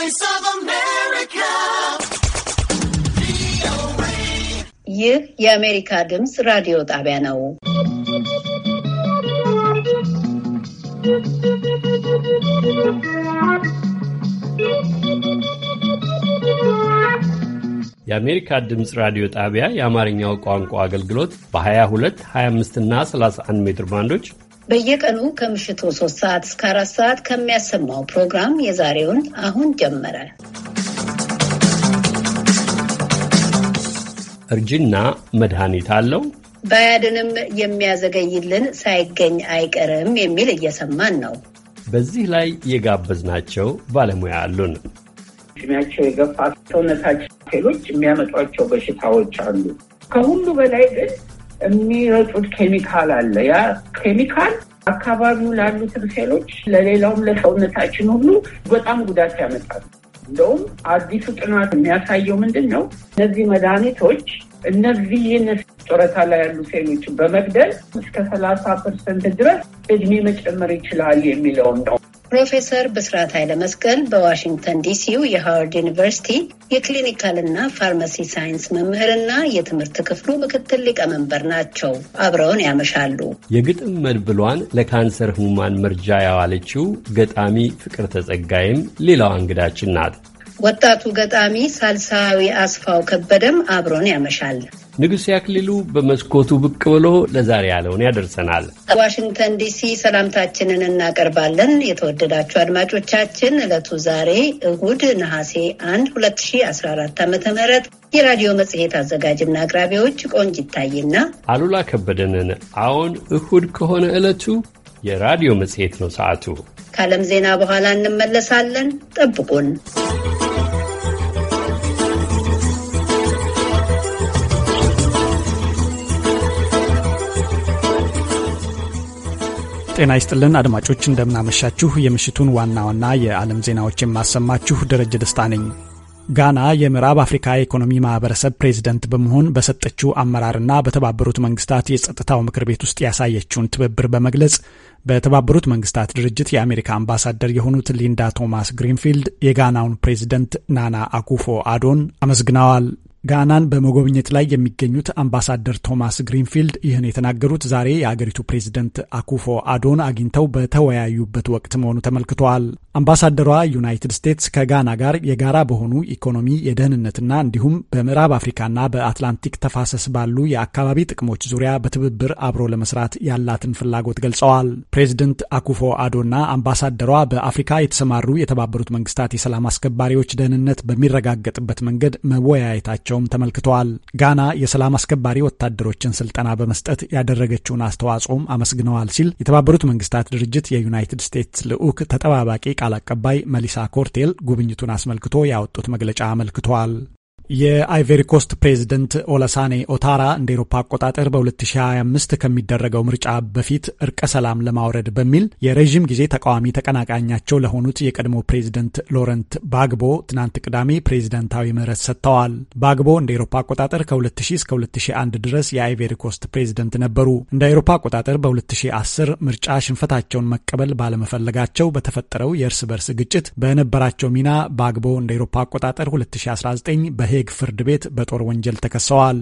Voice ይህ የአሜሪካ ድምፅ ራዲዮ ጣቢያ ነው። የአሜሪካ ድምፅ ራዲዮ ጣቢያ የአማርኛው ቋንቋ አገልግሎት በ22፣ 25 እና 31 ሜትር ባንዶች በየቀኑ ከምሽቱ ሶስት ሰዓት እስከ አራት ሰዓት ከሚያሰማው ፕሮግራም የዛሬውን አሁን ጀመረ። እርጅና መድኃኒት አለው ባያድንም የሚያዘገይልን ሳይገኝ አይቀርም የሚል እየሰማን ነው። በዚህ ላይ የጋበዝናቸው ባለሙያ አሉን። እድሜያቸው የገፋ ሰውነታቸው ሴሎች የሚያመጧቸው በሽታዎች አሉ። ከሁሉ በላይ ግን የሚረጩት ኬሚካል አለ። ያ ኬሚካል አካባቢው ላሉትን ሴሎች፣ ለሌላውም ለሰውነታችን ሁሉ በጣም ጉዳት ያመጣል። እንደውም አዲሱ ጥናት የሚያሳየው ምንድን ነው? እነዚህ መድኃኒቶች እነዚህን ጡረታ ላይ ያሉ ሴሎችን በመግደል እስከ ሰላሳ ፐርሰንት ድረስ እድሜ መጨመር ይችላል የሚለውን ነው። ፕሮፌሰር ብስራት ኃይለ መስቀል በዋሽንግተን ዲሲው የሃዋርድ ዩኒቨርሲቲ የክሊኒካልና ፋርማሲ ሳይንስ መምህርና የትምህርት ክፍሉ ምክትል ሊቀመንበር ናቸው። አብረውን ያመሻሉ። የግጥም መድብሏን ለካንሰር ህሙማን መርጃ ያዋለችው ገጣሚ ፍቅር ተጸጋይም ሌላዋ እንግዳችን ናት። ወጣቱ ገጣሚ ሳልሳዊ አስፋው ከበደም አብሮን ያመሻል። ንጉሴ አክሊሉ በመስኮቱ ብቅ ብሎ ለዛሬ ያለውን ያደርሰናል። ከዋሽንግተን ዲሲ ሰላምታችንን እናቀርባለን። የተወደዳችሁ አድማጮቻችን ዕለቱ ዛሬ እሁድ ነሐሴ 1 2014 ዓ ም የራዲዮ መጽሔት አዘጋጅና አቅራቢዎች ቆንጅ ይታይና አሉላ ከበደንን። አዎን እሁድ ከሆነ ዕለቱ የራዲዮ መጽሔት ነው። ሰዓቱ ከዓለም ዜና በኋላ እንመለሳለን። ጠብቁን። ጤና ይስጥልን አድማጮች፣ እንደምናመሻችሁ። የምሽቱን ዋና ዋና የዓለም ዜናዎች የማሰማችሁ ደረጀ ደስታ ነኝ። ጋና የምዕራብ አፍሪካ የኢኮኖሚ ማህበረሰብ ፕሬዚደንት በመሆን በሰጠችው አመራርና በተባበሩት መንግስታት የጸጥታው ምክር ቤት ውስጥ ያሳየችውን ትብብር በመግለጽ በተባበሩት መንግስታት ድርጅት የአሜሪካ አምባሳደር የሆኑት ሊንዳ ቶማስ ግሪንፊልድ የጋናውን ፕሬዚደንት ናና አኩፎ አዶን አመስግነዋል። ጋናን በመጎብኘት ላይ የሚገኙት አምባሳደር ቶማስ ግሪንፊልድ ይህን የተናገሩት ዛሬ የአገሪቱ ፕሬዚደንት አኩፎ አዶን አግኝተው በተወያዩበት ወቅት መሆኑ ተመልክተዋል። አምባሳደሯ ዩናይትድ ስቴትስ ከጋና ጋር የጋራ በሆኑ ኢኮኖሚ፣ የደህንነትና እንዲሁም በምዕራብ አፍሪካና በአትላንቲክ ተፋሰስ ባሉ የአካባቢ ጥቅሞች ዙሪያ በትብብር አብሮ ለመስራት ያላትን ፍላጎት ገልጸዋል። ፕሬዚደንት አኩፎ አዶና አምባሳደሯ በአፍሪካ የተሰማሩ የተባበሩት መንግስታት የሰላም አስከባሪዎች ደህንነት በሚረጋገጥበት መንገድ መወያየታቸው መሆናቸውም ተመልክተዋል። ጋና የሰላም አስከባሪ ወታደሮችን ስልጠና በመስጠት ያደረገችውን አስተዋጽኦም አመስግነዋል ሲል የተባበሩት መንግስታት ድርጅት የዩናይትድ ስቴትስ ልዑክ ተጠባባቂ ቃል አቀባይ መሊሳ ኮርቴል ጉብኝቱን አስመልክቶ ያወጡት መግለጫ አመልክተዋል። የአይቨሪ ኮስት ፕሬዝደንት ኦለሳኔ ኦታራ እንደ ኤሮፓ አቆጣጠር በ2025 ከሚደረገው ምርጫ በፊት እርቀ ሰላም ለማውረድ በሚል የረዥም ጊዜ ተቃዋሚ ተቀናቃኛቸው ለሆኑት የቀድሞ ፕሬዝደንት ሎረንት ባግቦ ትናንት ቅዳሜ ፕሬዝደንታዊ ምህረት ሰጥተዋል። ባግቦ እንደ ኤሮፓ አቆጣጠር ከ2000 እስከ 2001 ድረስ ኮስት ፕሬዝደንት ነበሩ። እንደ ኤሮፓ አቆጣጠር በ2010 ምርጫ ሽንፈታቸውን መቀበል ባለመፈለጋቸው በተፈጠረው የእርስ በርስ ግጭት በነበራቸው ሚና ባግቦ እንደ ኤሮፓ አቆጣጠር 2019 በሄ ሄግ ፍርድ ቤት በጦር ወንጀል ተከሰዋል።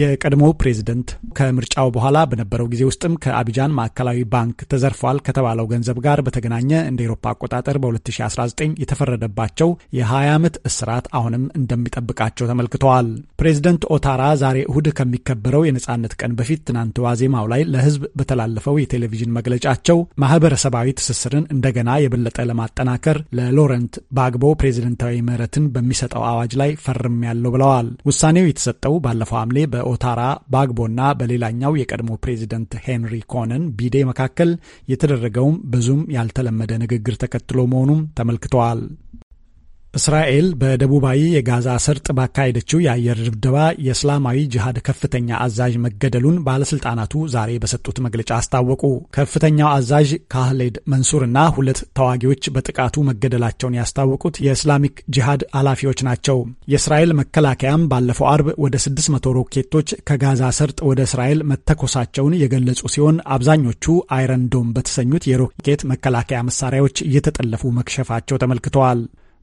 የቀድሞው ፕሬዝደንት ከምርጫው በኋላ በነበረው ጊዜ ውስጥም ከአቢጃን ማዕከላዊ ባንክ ተዘርፏል ከተባለው ገንዘብ ጋር በተገናኘ እንደ ኤሮፓ አቆጣጠር በ2019 የተፈረደባቸው የ20 ዓመት እስራት አሁንም እንደሚጠብቃቸው ተመልክተዋል። ፕሬዝደንት ኦታራ ዛሬ እሁድ ከሚከበረው የነጻነት ቀን በፊት ትናንት ዋዜማው ላይ ለህዝብ በተላለፈው የቴሌቪዥን መግለጫቸው ማህበረሰባዊ ትስስርን እንደገና የበለጠ ለማጠናከር ለሎረንት ባግቦ ፕሬዝደንታዊ ምህረትን በሚሰጠው አዋጅ ላይ ፈርም ያለው ብለዋል። ውሳኔው የተሰጠው ባለፈው ሐምሌ በ በኦታራ ባግቦና በሌላኛው የቀድሞ ፕሬዚደንት ሄንሪ ኮነን ቢዴ መካከል የተደረገውም ብዙም ያልተለመደ ንግግር ተከትሎ መሆኑም ተመልክተዋል። እስራኤል በደቡባዊ የጋዛ ሰርጥ ባካሄደችው የአየር ድብደባ የእስላማዊ ጅሃድ ከፍተኛ አዛዥ መገደሉን ባለስልጣናቱ ዛሬ በሰጡት መግለጫ አስታወቁ። ከፍተኛው አዛዥ ካህሌድ መንሱርና ሁለት ተዋጊዎች በጥቃቱ መገደላቸውን ያስታወቁት የእስላሚክ ጂሃድ ኃላፊዎች ናቸው። የእስራኤል መከላከያም ባለፈው አርብ ወደ 600 ሮኬቶች ከጋዛ ሰርጥ ወደ እስራኤል መተኮሳቸውን የገለጹ ሲሆን አብዛኞቹ አይረንዶም በተሰኙት የሮኬት መከላከያ መሳሪያዎች እየተጠለፉ መክሸፋቸው ተመልክተዋል።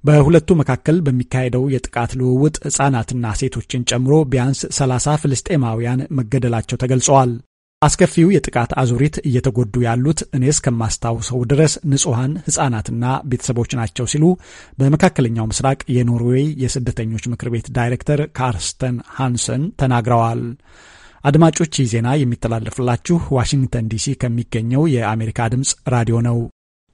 በሁለቱ መካከል በሚካሄደው የጥቃት ልውውጥ ሕፃናትና ሴቶችን ጨምሮ ቢያንስ 30 ፍልስጤማውያን መገደላቸው ተገልጸዋል። አስከፊው የጥቃት አዙሪት እየተጎዱ ያሉት እኔ እስከማስታውሰው ድረስ ንጹሐን ሕፃናትና ቤተሰቦች ናቸው ሲሉ በመካከለኛው ምስራቅ የኖርዌይ የስደተኞች ምክር ቤት ዳይሬክተር ካርስተን ሃንሰን ተናግረዋል። አድማጮች ይህ ዜና የሚተላለፍላችሁ ዋሽንግተን ዲሲ ከሚገኘው የአሜሪካ ድምፅ ራዲዮ ነው።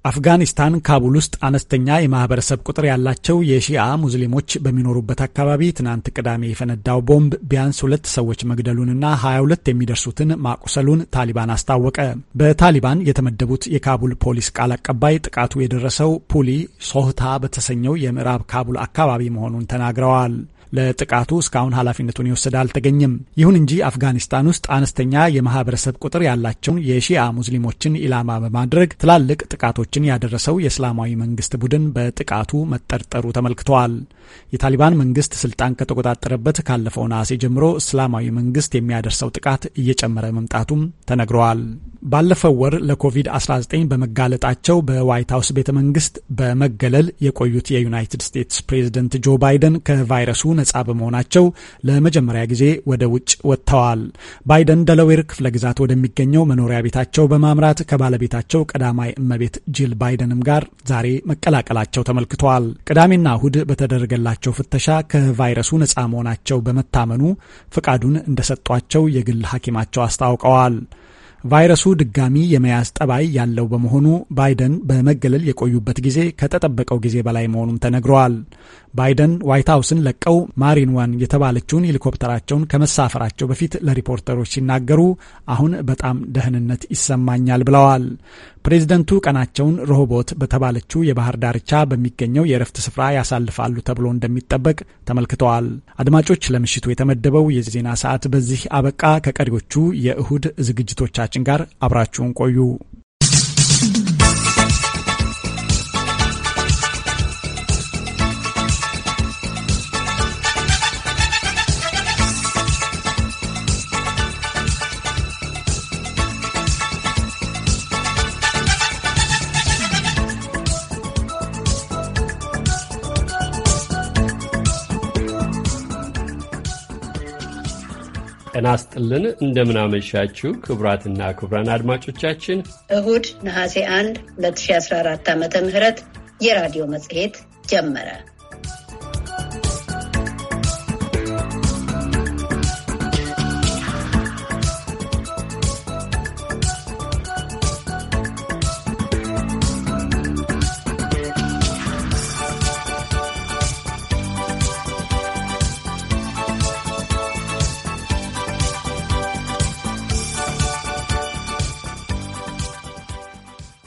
አፍጋኒስታን ካቡል ውስጥ አነስተኛ የማህበረሰብ ቁጥር ያላቸው የሺአ ሙስሊሞች በሚኖሩበት አካባቢ ትናንት ቅዳሜ የፈነዳው ቦምብ ቢያንስ ሁለት ሰዎች መግደሉንና 22 የሚደርሱትን ማቁሰሉን ታሊባን አስታወቀ። በታሊባን የተመደቡት የካቡል ፖሊስ ቃል አቀባይ ጥቃቱ የደረሰው ፑሊ ሶህታ በተሰኘው የምዕራብ ካቡል አካባቢ መሆኑን ተናግረዋል። ለጥቃቱ እስካሁን ኃላፊነቱን የወሰደ አልተገኘም። ይሁን እንጂ አፍጋኒስታን ውስጥ አነስተኛ የማህበረሰብ ቁጥር ያላቸውን የሺአ ሙስሊሞችን ኢላማ በማድረግ ትላልቅ ጥቃቶችን ያደረሰው የእስላማዊ መንግስት ቡድን በጥቃቱ መጠርጠሩ ተመልክተዋል። የታሊባን መንግስት ስልጣን ከተቆጣጠረበት ካለፈው ነሐሴ ጀምሮ እስላማዊ መንግስት የሚያደርሰው ጥቃት እየጨመረ መምጣቱም ተነግረዋል። ባለፈው ወር ለኮቪድ-19 በመጋለጣቸው በዋይት ሀውስ ቤተ መንግስት በመገለል የቆዩት የዩናይትድ ስቴትስ ፕሬዝደንት ጆ ባይደን ከቫይረሱ ነጻ በመሆናቸው ለመጀመሪያ ጊዜ ወደ ውጭ ወጥተዋል። ባይደን ደለዌር ክፍለ ግዛት ወደሚገኘው መኖሪያ ቤታቸው በማምራት ከባለቤታቸው ቀዳማይ እመቤት ጂል ባይደንም ጋር ዛሬ መቀላቀላቸው ተመልክተዋል። ቅዳሜና እሁድ በተደረገላቸው ፍተሻ ከቫይረሱ ነጻ መሆናቸው በመታመኑ ፍቃዱን እንደሰጧቸው የግል ሐኪማቸው አስታውቀዋል። ቫይረሱ ድጋሚ የመያዝ ጠባይ ያለው በመሆኑ ባይደን በመገለል የቆዩበት ጊዜ ከተጠበቀው ጊዜ በላይ መሆኑም ተነግረዋል። ባይደን ዋይት ሀውስን ለቀው ማሪን ዋን የተባለችውን ሄሊኮፕተራቸውን ከመሳፈራቸው በፊት ለሪፖርተሮች ሲናገሩ አሁን በጣም ደህንነት ይሰማኛል ብለዋል። ፕሬዚደንቱ ቀናቸውን ሮሆቦት በተባለችው የባህር ዳርቻ በሚገኘው የእረፍት ስፍራ ያሳልፋሉ ተብሎ እንደሚጠበቅ ተመልክተዋል። አድማጮች፣ ለምሽቱ የተመደበው የዜና ሰዓት በዚህ አበቃ። ከቀሪዎቹ የእሁድ ዝግጅቶቻችን ጋር አብራችሁን ቆዩ። ጤና እንደምናመሻችው እንደምናመሻችሁ ክቡራትና ክቡራን አድማጮቻችን እሁድ ነሐሴ 1 2014 ዓ ም የራዲዮ መጽሔት ጀመረ።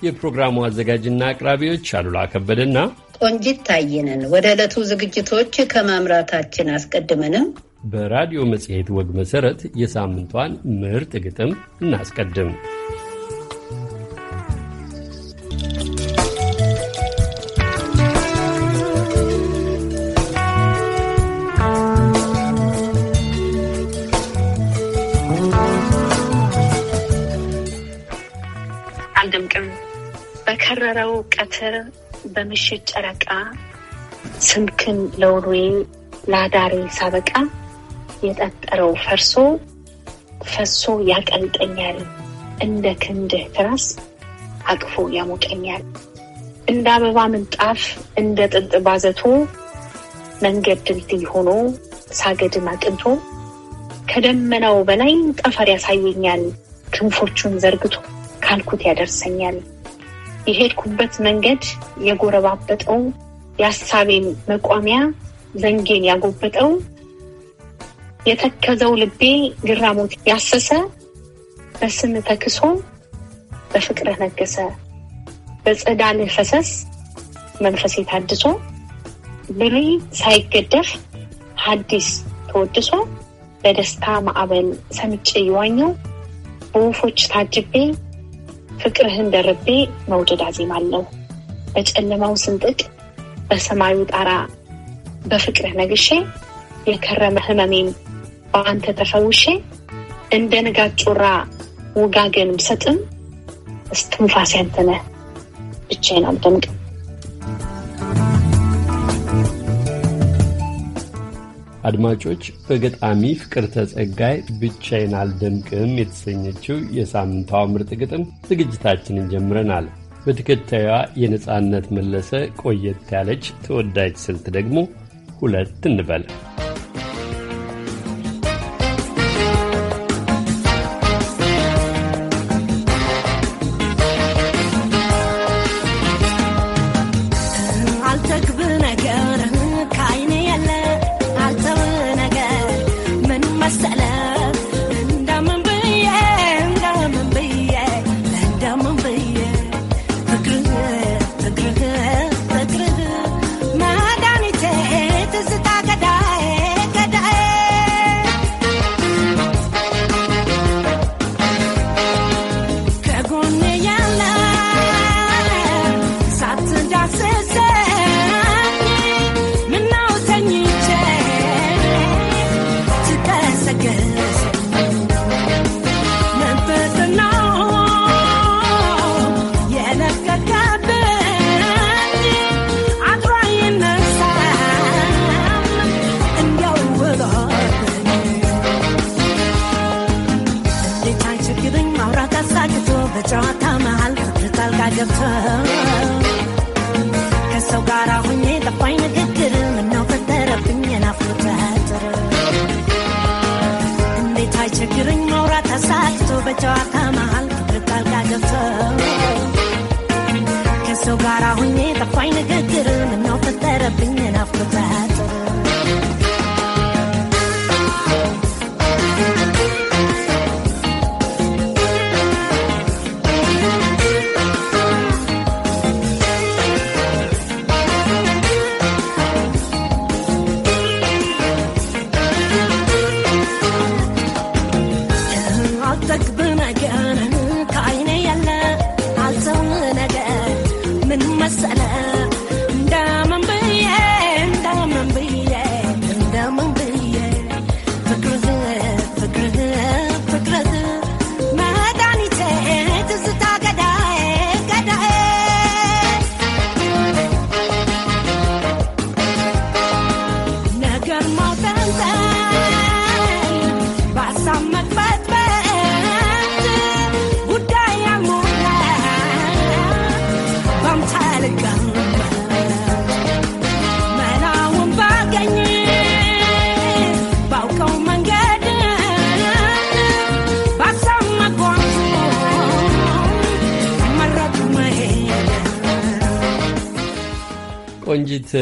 የፕሮግራሙ አዘጋጅና አቅራቢዎች አሉላ ከበደና ቆንጂት ታየንን። ወደ ዕለቱ ዝግጅቶች ከማምራታችን አስቀድመንም በራዲዮ መጽሔት ወግ መሠረት የሳምንቷን ምርጥ ግጥም እናስቀድም። በጨረው ቀትር በምሽት ጨረቃ ስምክን ለውሎዬ ላዳሬ ሳበቃ የጠጠረው ፈርሶ ፈሶ ያቀልጠኛል እንደ ክንድህ ትራስ አቅፎ ያሞቀኛል እንደ አበባ ምንጣፍ እንደ ጥጥ ባዘቶ መንገድ ድልድይ ሆኖ ሳገድም አቅንቶ ከደመናው በላይ ጠፈር ያሳየኛል ክንፎቹን ዘርግቶ ካልኩት ያደርሰኛል የሄድኩበት መንገድ የጎረባበጠው የሀሳቤን መቋሚያ ዘንጌን ያጎበጠው የተከዘው ልቤ ግራሞት ያሰሰ በስም ተክሶ በፍቅርህ ነገሰ በጸዳልህ ፈሰስ መንፈሴ ታድሶ ብሉይ ሳይገደፍ ሐዲስ ተወድሶ በደስታ ማዕበል ሰምጬ ይዋኘው በወፎች ታጅቤ ፍቅርህን ደርቤ መውደድ አዜማለሁ። በጨለማው ስንጥቅ በሰማዩ ጣራ በፍቅርህ ነግሼ የከረመ ህመሜም በአንተ ተፈውሼ እንደ ንጋት ጮራ ውጋገን ብሰጥም እስትንፋስ አንተ ነህ ብቻዬን አልደምቅም። አድማጮች በገጣሚ ፍቅር ተጸጋይ ብቻዬን አልደምቅም የተሰኘችው የሳምንታዋ ምርጥ ግጥም ዝግጅታችንን ጀምረናል። በተከታዩዋ የነፃነት መለሰ ቆየት ያለች ተወዳጅ ስልት ደግሞ ሁለት እንበል።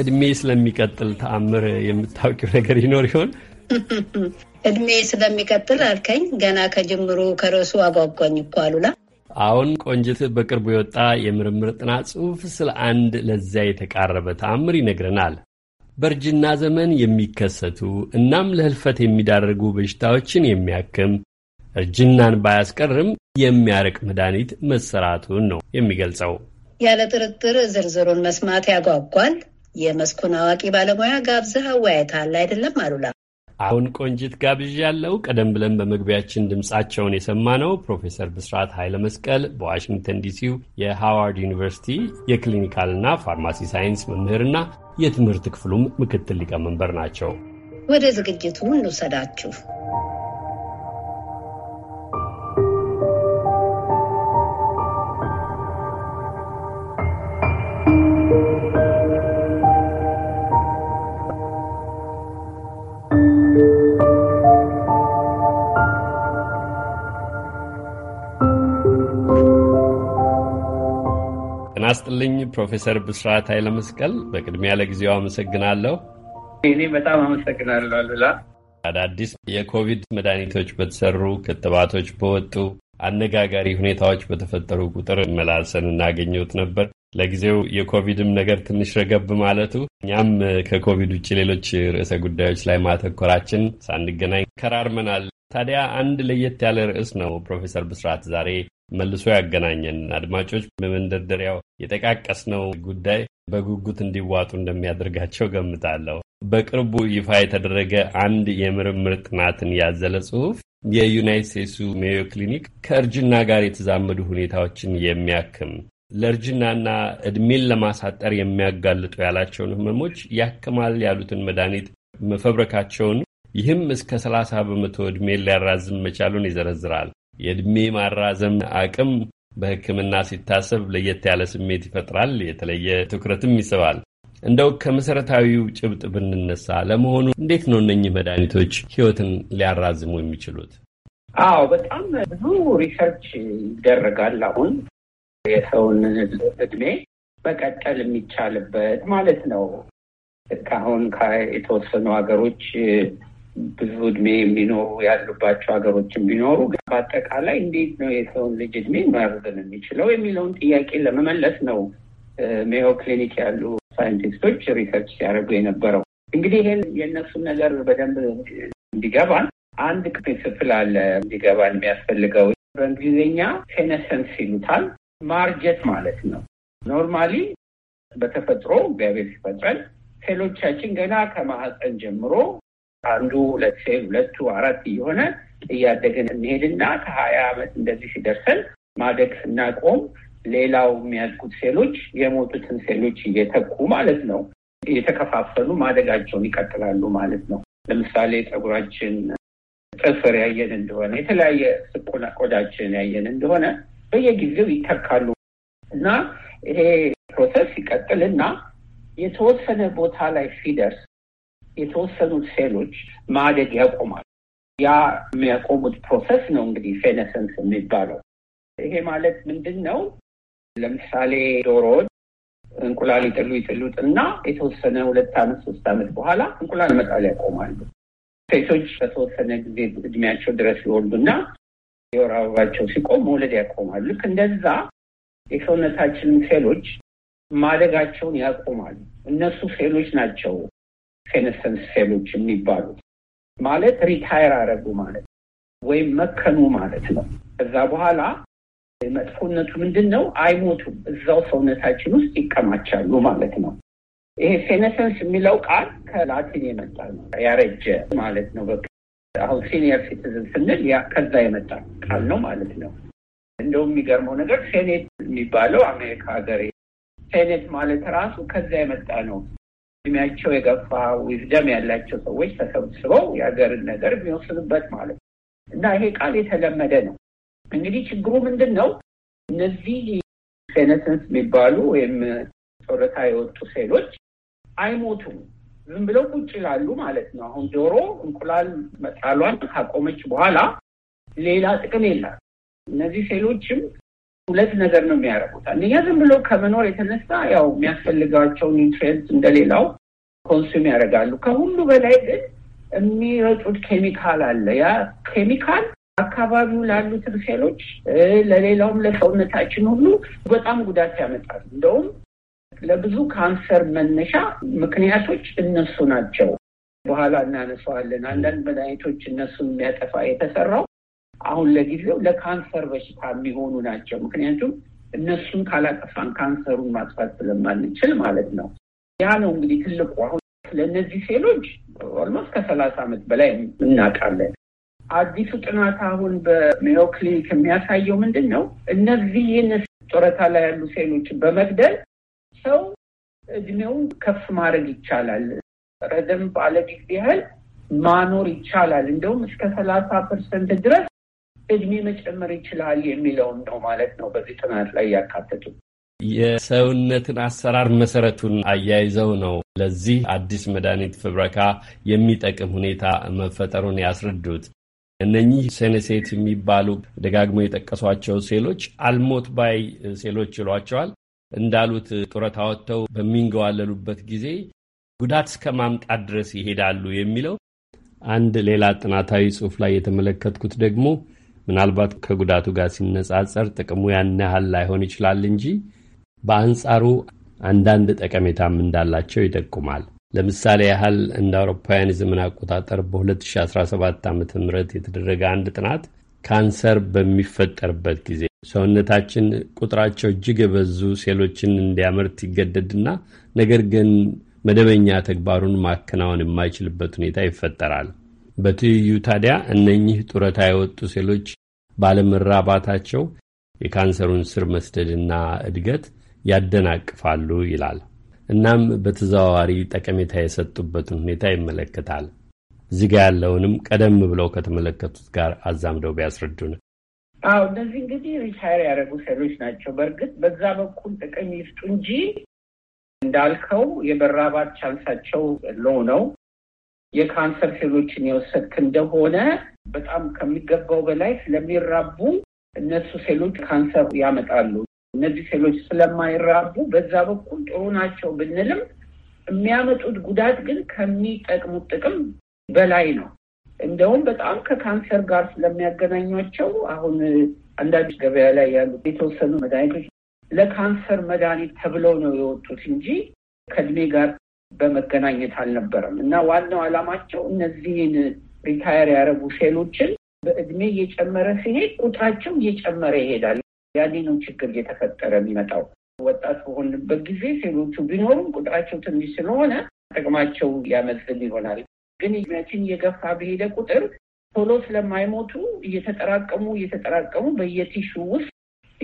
እድሜ ስለሚቀጥል ተአምር የምታውቂው ነገር ይኖር ይሆን? እድሜ ስለሚቀጥል አልከኝ። ገና ከጅምሩ ከርዕሱ አጓጓኝ እኮ አሉላ። አሁን ቆንጅት፣ በቅርቡ የወጣ የምርምር ጥናት ጽሑፍ ስለ አንድ ለዚያ የተቃረበ ተአምር ይነግረናል። በእርጅና ዘመን የሚከሰቱ እናም ለህልፈት የሚዳርጉ በሽታዎችን የሚያክም እርጅናን ባያስቀርም የሚያርቅ መድኃኒት መሰራቱን ነው የሚገልጸው። ያለ ጥርጥር ዝርዝሩን መስማት ያጓጓል። የመስኩን አዋቂ ባለሙያ ጋብዘህ አወያይተሃል አይደለም አሉላ? አሁን ቆንጂት ጋብዥ ያለው ቀደም ብለን በመግቢያችን ድምፃቸውን ነው። ፕሮፌሰር ብስራት ኃይለ መስቀል በዋሽንግተን ዲሲው የሃዋርድ ዩኒቨርሲቲ የክሊኒካልና ፋርማሲ ሳይንስ መምህርና የትምህርት ክፍሉም ምክትል ሊቀመንበር ናቸው። ወደ ዝግጅቱ እንውሰዳችሁ። ይስጥልኝ ፕሮፌሰር ብስራት ኃይለመስቀል በቅድሚያ ለጊዜው አመሰግናለሁ። እኔ በጣም አመሰግናለሁ አሉላ። አዳዲስ የኮቪድ መድኃኒቶች በተሰሩ ክትባቶች በወጡ አነጋጋሪ ሁኔታዎች በተፈጠሩ ቁጥር መላልሰን እናገኘት ነበር። ለጊዜው የኮቪድም ነገር ትንሽ ረገብ ማለቱ እኛም ከኮቪድ ውጭ ሌሎች ርዕሰ ጉዳዮች ላይ ማተኮራችን ሳንገናኝ ከራርመናል። ታዲያ አንድ ለየት ያለ ርዕስ ነው ፕሮፌሰር ብስራት ዛሬ መልሶ ያገናኘን። አድማጮች በመንደርደሪያው የጠቃቀስነው ጉዳይ በጉጉት እንዲዋጡ እንደሚያደርጋቸው ገምታለሁ። በቅርቡ ይፋ የተደረገ አንድ የምርምር ጥናትን ያዘለ ጽሑፍ የዩናይት ስቴትሱ ሜዮ ክሊኒክ ከእርጅና ጋር የተዛመዱ ሁኔታዎችን የሚያክም ለእርጅናና ዕድሜን ለማሳጠር የሚያጋልጡ ያላቸውን ህመሞች ያክማል ያሉትን መድኃኒት መፈብረካቸውን ይህም እስከ 30 በመቶ ዕድሜ ሊያራዝም መቻሉን ይዘረዝራል። የዕድሜ ማራዘም አቅም በሕክምና ሲታሰብ ለየት ያለ ስሜት ይፈጥራል፣ የተለየ ትኩረትም ይስባል። እንደው ከመሰረታዊው ጭብጥ ብንነሳ ለመሆኑ እንዴት ነው እነኚህ መድኃኒቶች ህይወትን ሊያራዝሙ የሚችሉት? አዎ በጣም ብዙ ሪሰርች ይደረጋል። አሁን የሰውን እድሜ መቀጠል የሚቻልበት ማለት ነው። አሁን የተወሰኑ ሀገሮች ብዙ እድሜ የሚኖሩ ያሉባቸው ሀገሮችን ቢኖሩ በአጠቃላይ እንዴት ነው የሰውን ልጅ እድሜ መርዘን የሚችለው የሚለውን ጥያቄ ለመመለስ ነው ሜዮ ክሊኒክ ያሉ ሳይንቲስቶች ሪሰርች ሲያደርጉ የነበረው። እንግዲህ ይህን የእነሱን ነገር በደንብ እንዲገባን አንድ ፕሪንስፕል አለ እንዲገባን የሚያስፈልገው በእንግሊዝኛ ሴነሰንስ ይሉታል። ማርጀት ማለት ነው። ኖርማሊ በተፈጥሮ እግዚአብሔር ሲፈጥረን ሴሎቻችን ገና ከማህፀን ጀምሮ አንዱ ሁለት ሴ ሁለቱ አራት እየሆነ እያደግን እንሄድና ከሀያ ዓመት እንደዚህ ሲደርሰን ማደግ ስናቆም ሌላው የሚያድጉት ሴሎች የሞቱትን ሴሎች እየተኩ ማለት ነው እየተከፋፈሉ ማደጋቸውን ይቀጥላሉ ማለት ነው። ለምሳሌ ፀጉራችን፣ ጥፍር ያየን እንደሆነ የተለያየ ስቆና ቆዳችን ያየን እንደሆነ በየጊዜው ይተካሉ እና ይሄ ፕሮሰስ ይቀጥልና የተወሰነ ቦታ ላይ ሲደርስ የተወሰኑት ሴሎች ማደግ ያቆማል። ያ የሚያቆሙት ፕሮሰስ ነው እንግዲህ ሴነሰንስ የሚባለው። ይሄ ማለት ምንድን ነው? ለምሳሌ ዶሮዎች እንቁላል ይጥሉ እና የተወሰነ ሁለት ዓመት ሶስት ዓመት በኋላ እንቁላል መጣል ያቆማሉ። ሴቶች በተወሰነ ጊዜ እድሜያቸው ድረስ ይወልዱና የወር አበባቸው ሲቆም መውለድ ያቆማሉ። ልክ እንደዛ የሰውነታችንን ሴሎች ማደጋቸውን ያቆማሉ። እነሱ ሴሎች ናቸው ሴነሰንስ ሴሎች የሚባሉት ማለት ሪታየር አረጉ ማለት ወይም መከኑ ማለት ነው። ከዛ በኋላ መጥፎነቱ ምንድን ነው? አይሞቱም፣ እዛው ሰውነታችን ውስጥ ይቀማቻሉ ማለት ነው። ይሄ ሴነሰንስ የሚለው ቃል ከላቲን የመጣ ነው፣ ያረጀ ማለት ነው። በቃ አሁን ሲኒየር ሲቲዝን ስንል ከዛ የመጣ ቃል ነው ማለት ነው። እንደው የሚገርመው ነገር ሴኔት የሚባለው አሜሪካ ሀገር ሴኔት ማለት ራሱ ከዛ የመጣ ነው። እድሜያቸው የገፋ ዊዝደም ያላቸው ሰዎች ተሰብስበው የሀገርን ነገር የሚወስኑበት ማለት ነው እና ይሄ ቃል የተለመደ ነው። እንግዲህ ችግሩ ምንድን ነው? እነዚህ ሴነሰንስ የሚባሉ ወይም ጡረታ የወጡ ሴሎች አይሞቱም። ዝም ብለው ቁጭ ይላሉ ማለት ነው። አሁን ዶሮ እንቁላል መጣሏን ካቆመች በኋላ ሌላ ጥቅም የላት። እነዚህ ሴሎችም ሁለት ነገር ነው የሚያደርጉት። አንደኛ ዝም ብሎ ከመኖር የተነሳ ያው የሚያስፈልጋቸው ኒውትሪየንት እንደሌላው ኮንሱም ያደርጋሉ። ከሁሉ በላይ ግን የሚረጩት ኬሚካል አለ። ያ ኬሚካል አካባቢው ላሉትን ሴሎች ለሌላውም ለሰውነታችን ሁሉ በጣም ጉዳት ያመጣል። እንደውም ለብዙ ካንሰር መነሻ ምክንያቶች እነሱ ናቸው። በኋላ እናነሳዋለን። አንዳንድ መድኃኒቶች እነሱን የሚያጠፋ የተሰራው አሁን ለጊዜው ለካንሰር በሽታ የሚሆኑ ናቸው። ምክንያቱም እነሱን ካላጠፋን ካንሰሩን ማጥፋት ስለማንችል ማለት ነው። ያ ነው እንግዲህ ትልቁ አሁን ለእነዚህ ሴሎች ኦልሞስት ከሰላሳ ዓመት በላይ እናውቃለን። አዲሱ ጥናት አሁን በሜዮ ክሊኒክ የሚያሳየው ምንድን ነው? ይህን ጡረታ ላይ ያሉ ሴሎችን በመግደል ሰው እድሜውን ከፍ ማድረግ ይቻላል። ረዘም ባለ ጊዜ ያህል ማኖር ይቻላል። እንደውም እስከ ሰላሳ ፐርሰንት ድረስ እድሜ መጨመር ይችላል የሚለውን ነው ማለት ነው በዚህ ጥናት ላይ ያካተቱ የሰውነትን አሰራር መሰረቱን አያይዘው ነው ለዚህ አዲስ መድኃኒት ፍብረካ የሚጠቅም ሁኔታ መፈጠሩን ያስረዱት። እነኚህ ሴነሴት የሚባሉ ደጋግሞ የጠቀሷቸው ሴሎች አልሞት ባይ ሴሎች ይሏቸዋል። እንዳሉት ጡረታ ወጥተው በሚንገዋለሉበት ጊዜ ጉዳት እስከ ማምጣት ድረስ ይሄዳሉ የሚለው አንድ ሌላ ጥናታዊ ጽሑፍ ላይ የተመለከትኩት ደግሞ ምናልባት ከጉዳቱ ጋር ሲነጻጸር ጥቅሙ ያን ያህል ላይሆን ይችላል እንጂ በአንጻሩ አንዳንድ ጠቀሜታም እንዳላቸው ይጠቁማል። ለምሳሌ ያህል እንደ አውሮፓውያን የዘመን አቆጣጠር በ2017 ዓ ም የተደረገ አንድ ጥናት ካንሰር በሚፈጠርበት ጊዜ ሰውነታችን ቁጥራቸው እጅግ የበዙ ሴሎችን እንዲያመርት ይገደድና ነገር ግን መደበኛ ተግባሩን ማከናወን የማይችልበት ሁኔታ ይፈጠራል። በትይዩ ታዲያ እነኚህ ጡረታ የወጡ ሴሎች ባለመራባታቸው የካንሰሩን ስር መስደድና እድገት ያደናቅፋሉ ይላል። እናም በተዘዋዋሪ ጠቀሜታ የሰጡበትን ሁኔታ ይመለከታል። እዚጋ ያለውንም ቀደም ብለው ከተመለከቱት ጋር አዛምደው ቢያስረዱን። አዎ እነዚህ እንግዲህ ሪታይር ያደረጉ ሴሎች ናቸው። በእርግጥ በዛ በኩል ጥቅም ይስጡ እንጂ እንዳልከው የመራባት ቻንሳቸው ሎ ነው። የካንሰር ሴሎችን የወሰድክ እንደሆነ በጣም ከሚገባው በላይ ስለሚራቡ እነሱ ሴሎች ካንሰር ያመጣሉ። እነዚህ ሴሎች ስለማይራቡ በዛ በኩል ጥሩ ናቸው ብንልም የሚያመጡት ጉዳት ግን ከሚጠቅሙት ጥቅም በላይ ነው። እንደውም በጣም ከካንሰር ጋር ስለሚያገናኟቸው አሁን አንዳንድ ገበያ ላይ ያሉ የተወሰኑ መድኃኒቶች ለካንሰር መድኃኒት ተብለው ነው የወጡት እንጂ ከእድሜ ጋር በመገናኘት አልነበረም እና ዋናው ዓላማቸው እነዚህን ሪታየር ያደረጉ ሴሎችን በእድሜ እየጨመረ ሲሄድ ቁጥራቸው እየጨመረ ይሄዳል። ያኔ ነው ችግር እየተፈጠረ የሚመጣው። ወጣት በሆንበት ጊዜ ሴሎቹ ቢኖሩም ቁጥራቸው ትንሽ ስለሆነ ጥቅማቸው ያመዝል ይሆናል። ግን እድሜያችን እየገፋ በሄደ ቁጥር ቶሎ ስለማይሞቱ እየተጠራቀሙ እየተጠራቀሙ በየቲሹ ውስጥ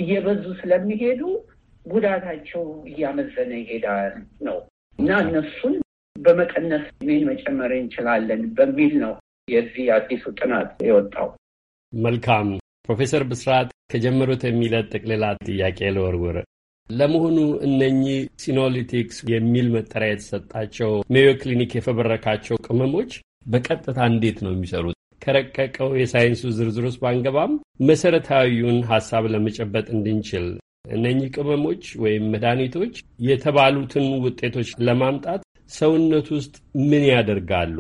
እየበዙ ስለሚሄዱ ጉዳታቸው እያመዘነ ይሄዳል ነው እና እነሱን በመቀነስ ሜን መጨመር እንችላለን በሚል ነው የዚህ አዲሱ ጥናት የወጣው። መልካም ፕሮፌሰር ብስራት ከጀመሩት የሚለት ሌላ ጥያቄ ልወርውር። ለመሆኑ እነኚህ ሲኖሊቲክስ የሚል መጠሪያ የተሰጣቸው ሜዮ ክሊኒክ የፈበረካቸው ቅመሞች በቀጥታ እንዴት ነው የሚሰሩት? ከረቀቀው የሳይንሱ ዝርዝር ውስጥ ባንገባም መሰረታዊውን ሀሳብ ለመጨበጥ እንድንችል እነኚህ ቅመሞች ወይም መድኃኒቶች የተባሉትን ውጤቶች ለማምጣት ሰውነት ውስጥ ምን ያደርጋሉ?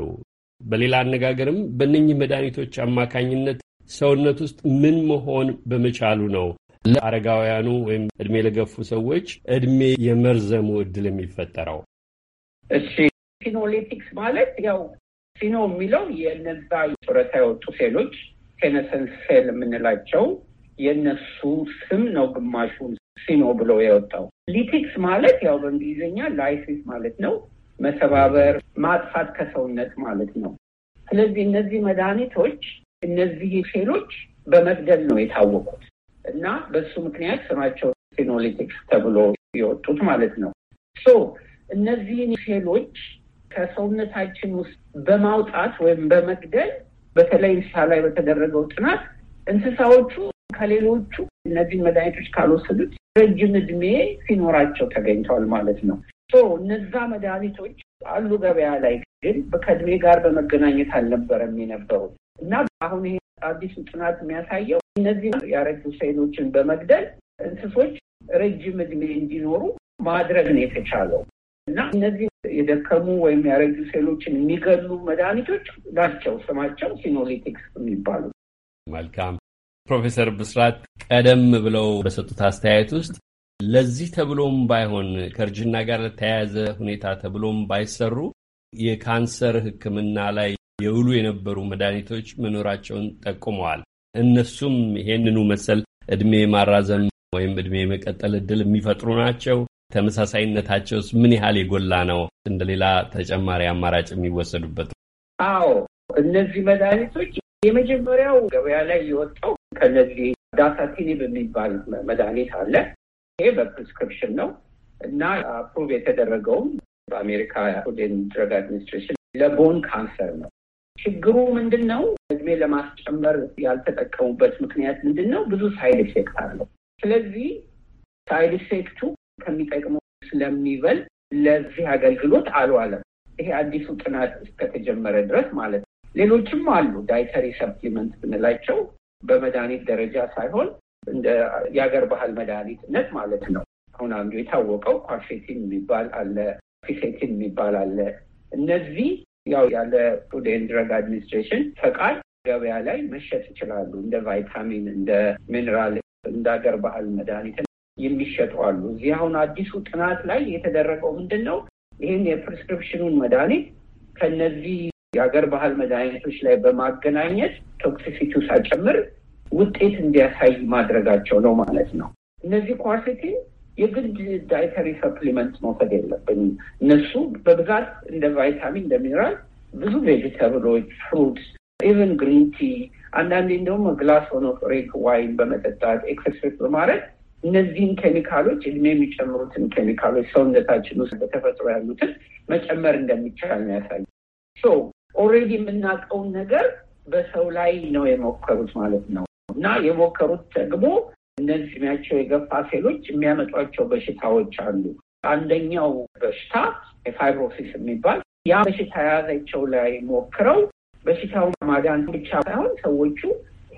በሌላ አነጋገርም በእነኚህ መድኃኒቶች አማካኝነት ሰውነት ውስጥ ምን መሆን በመቻሉ ነው ለአረጋውያኑ ወይም እድሜ ለገፉ ሰዎች እድሜ የመርዘሙ እድል የሚፈጠረው? እሺ፣ ፊኖሌቲክስ ማለት ያው ፊኖ የሚለው የነዛ ጡረታ የወጡ ሴሎች ኬነሰንስ ሴል የምንላቸው የእነሱ ስም ነው ግማሹን ሲኖ ብሎ የወጣው። ሊቲክስ ማለት ያው በእንግሊዝኛ ላይሲስ ማለት ነው፣ መሰባበር፣ ማጥፋት ከሰውነት ማለት ነው። ስለዚህ እነዚህ መድኃኒቶች እነዚህ ሴሎች በመግደል ነው የታወቁት እና በሱ ምክንያት ስማቸው ሲኖሊቲክስ ተብሎ የወጡት ማለት ነው። ሶ እነዚህን ሴሎች ከሰውነታችን ውስጥ በማውጣት ወይም በመግደል በተለይ እንስሳ ላይ በተደረገው ጥናት እንስሳዎቹ ከሌሎቹ እነዚህ መድኃኒቶች ካልወሰዱት ረጅም እድሜ ሲኖራቸው ተገኝተዋል ማለት ነው። እነዛ መድኃኒቶች አሉ ገበያ ላይ ግን ከእድሜ ጋር በመገናኘት አልነበረም የነበሩ እና አሁን ይሄ አዲሱ ጥናት የሚያሳየው እነዚህ ያረጁ ሴሎችን በመግደል እንስሶች ረጅም እድሜ እንዲኖሩ ማድረግ ነው የተቻለው እና እነዚህ የደከሙ ወይም ያረጁ ሴሎችን የሚገሉ መድኃኒቶች ናቸው ስማቸው ሲኖሊቲክስ የሚባሉት። መልካም ፕሮፌሰር ብስራት ቀደም ብለው በሰጡት አስተያየት ውስጥ ለዚህ ተብሎም ባይሆን ከእርጅና ጋር ለተያያዘ ሁኔታ ተብሎም ባይሰሩ የካንሰር ሕክምና ላይ የውሉ የነበሩ መድኃኒቶች መኖራቸውን ጠቁመዋል። እነሱም ይሄንኑ መሰል እድሜ ማራዘም ወይም እድሜ የመቀጠል እድል የሚፈጥሩ ናቸው። ተመሳሳይነታቸውስ ምን ያህል የጎላ ነው? እንደሌላ ተጨማሪ አማራጭ የሚወሰዱበት? አዎ እነዚህ መድኃኒቶች የመጀመሪያው ገበያ ላይ የወጣው ከነዚህ ዳሳቲኒ በሚባል መድኃኒት አለ። ይሄ በፕሪስክሪፕሽን ነው እና አፕሩቭ የተደረገውም በአሜሪካ ፉድ ኤንድ ድረግ አድሚኒስትሬሽን ለቦን ካንሰር ነው። ችግሩ ምንድን ነው? እድሜ ለማስጨመር ያልተጠቀሙበት ምክንያት ምንድን ነው? ብዙ ሳይድ ኢፌክት አለው። ስለዚህ ሳይድ ኢፌክቱ ከሚጠቅመው ስለሚበል ለዚህ አገልግሎት አልዋለም። ይሄ አዲሱ ጥናት እስከተጀመረ ድረስ ማለት ነው። ሌሎችም አሉ ዳይተሪ ሰፕሊመንት ብንላቸው በመድኃኒት ደረጃ ሳይሆን እንደ የሀገር ባህል መድኃኒትነት ማለት ነው። አሁን አንዱ የታወቀው ኳርፌቲን የሚባል አለ፣ ፊሴቲን የሚባል አለ። እነዚህ ያው ያለ ፉድ ኤንድ ድረግ አድሚኒስትሬሽን ፈቃድ ገበያ ላይ መሸጥ ይችላሉ። እንደ ቫይታሚን፣ እንደ ሚኔራል፣ እንደ ሀገር ባህል መድኃኒት የሚሸጡ አሉ። እዚህ አሁን አዲሱ ጥናት ላይ የተደረገው ምንድን ነው? ይህን የፕሪስክሪፕሽኑን መድኃኒት ከነዚህ የሀገር ባህል መድኃኒቶች ላይ በማገናኘት ቶክሲሲቲው ሳጨምር ውጤት እንዲያሳይ ማድረጋቸው ነው ማለት ነው። እነዚህ ኳሲቲ የግድ ዳይተሪ ሰፕሊመንት መውሰድ የለብንም። እነሱ በብዛት እንደ ቫይታሚን እንደ ሚኒራል ብዙ ቬጅተብሎች፣ ፍሩትስ፣ ኢቨን ግሪን ቲ አንዳንዴ እንደውም ግላስ ሆኖ ሬክ ዋይን በመጠጣት ኤክሰርሳይዝ በማድረግ እነዚህን ኬሚካሎች እድሜ የሚጨምሩትን ኬሚካሎች ሰውነታችን ውስጥ በተፈጥሮ ያሉትን መጨመር እንደሚቻል ነው ያሳየ ኦልሬዲ የምናውቀውን ነገር በሰው ላይ ነው የሞከሩት ማለት ነው እና የሞከሩት ደግሞ እነዚህ እድሜያቸው የገፋ ሴሎች የሚያመጧቸው በሽታዎች አሉ። አንደኛው በሽታ የፋይብሮሲስ የሚባል ያ በሽታ የያዘቸው ላይ ሞክረው በሽታው ማዳን ብቻ ሳይሆን ሰዎቹ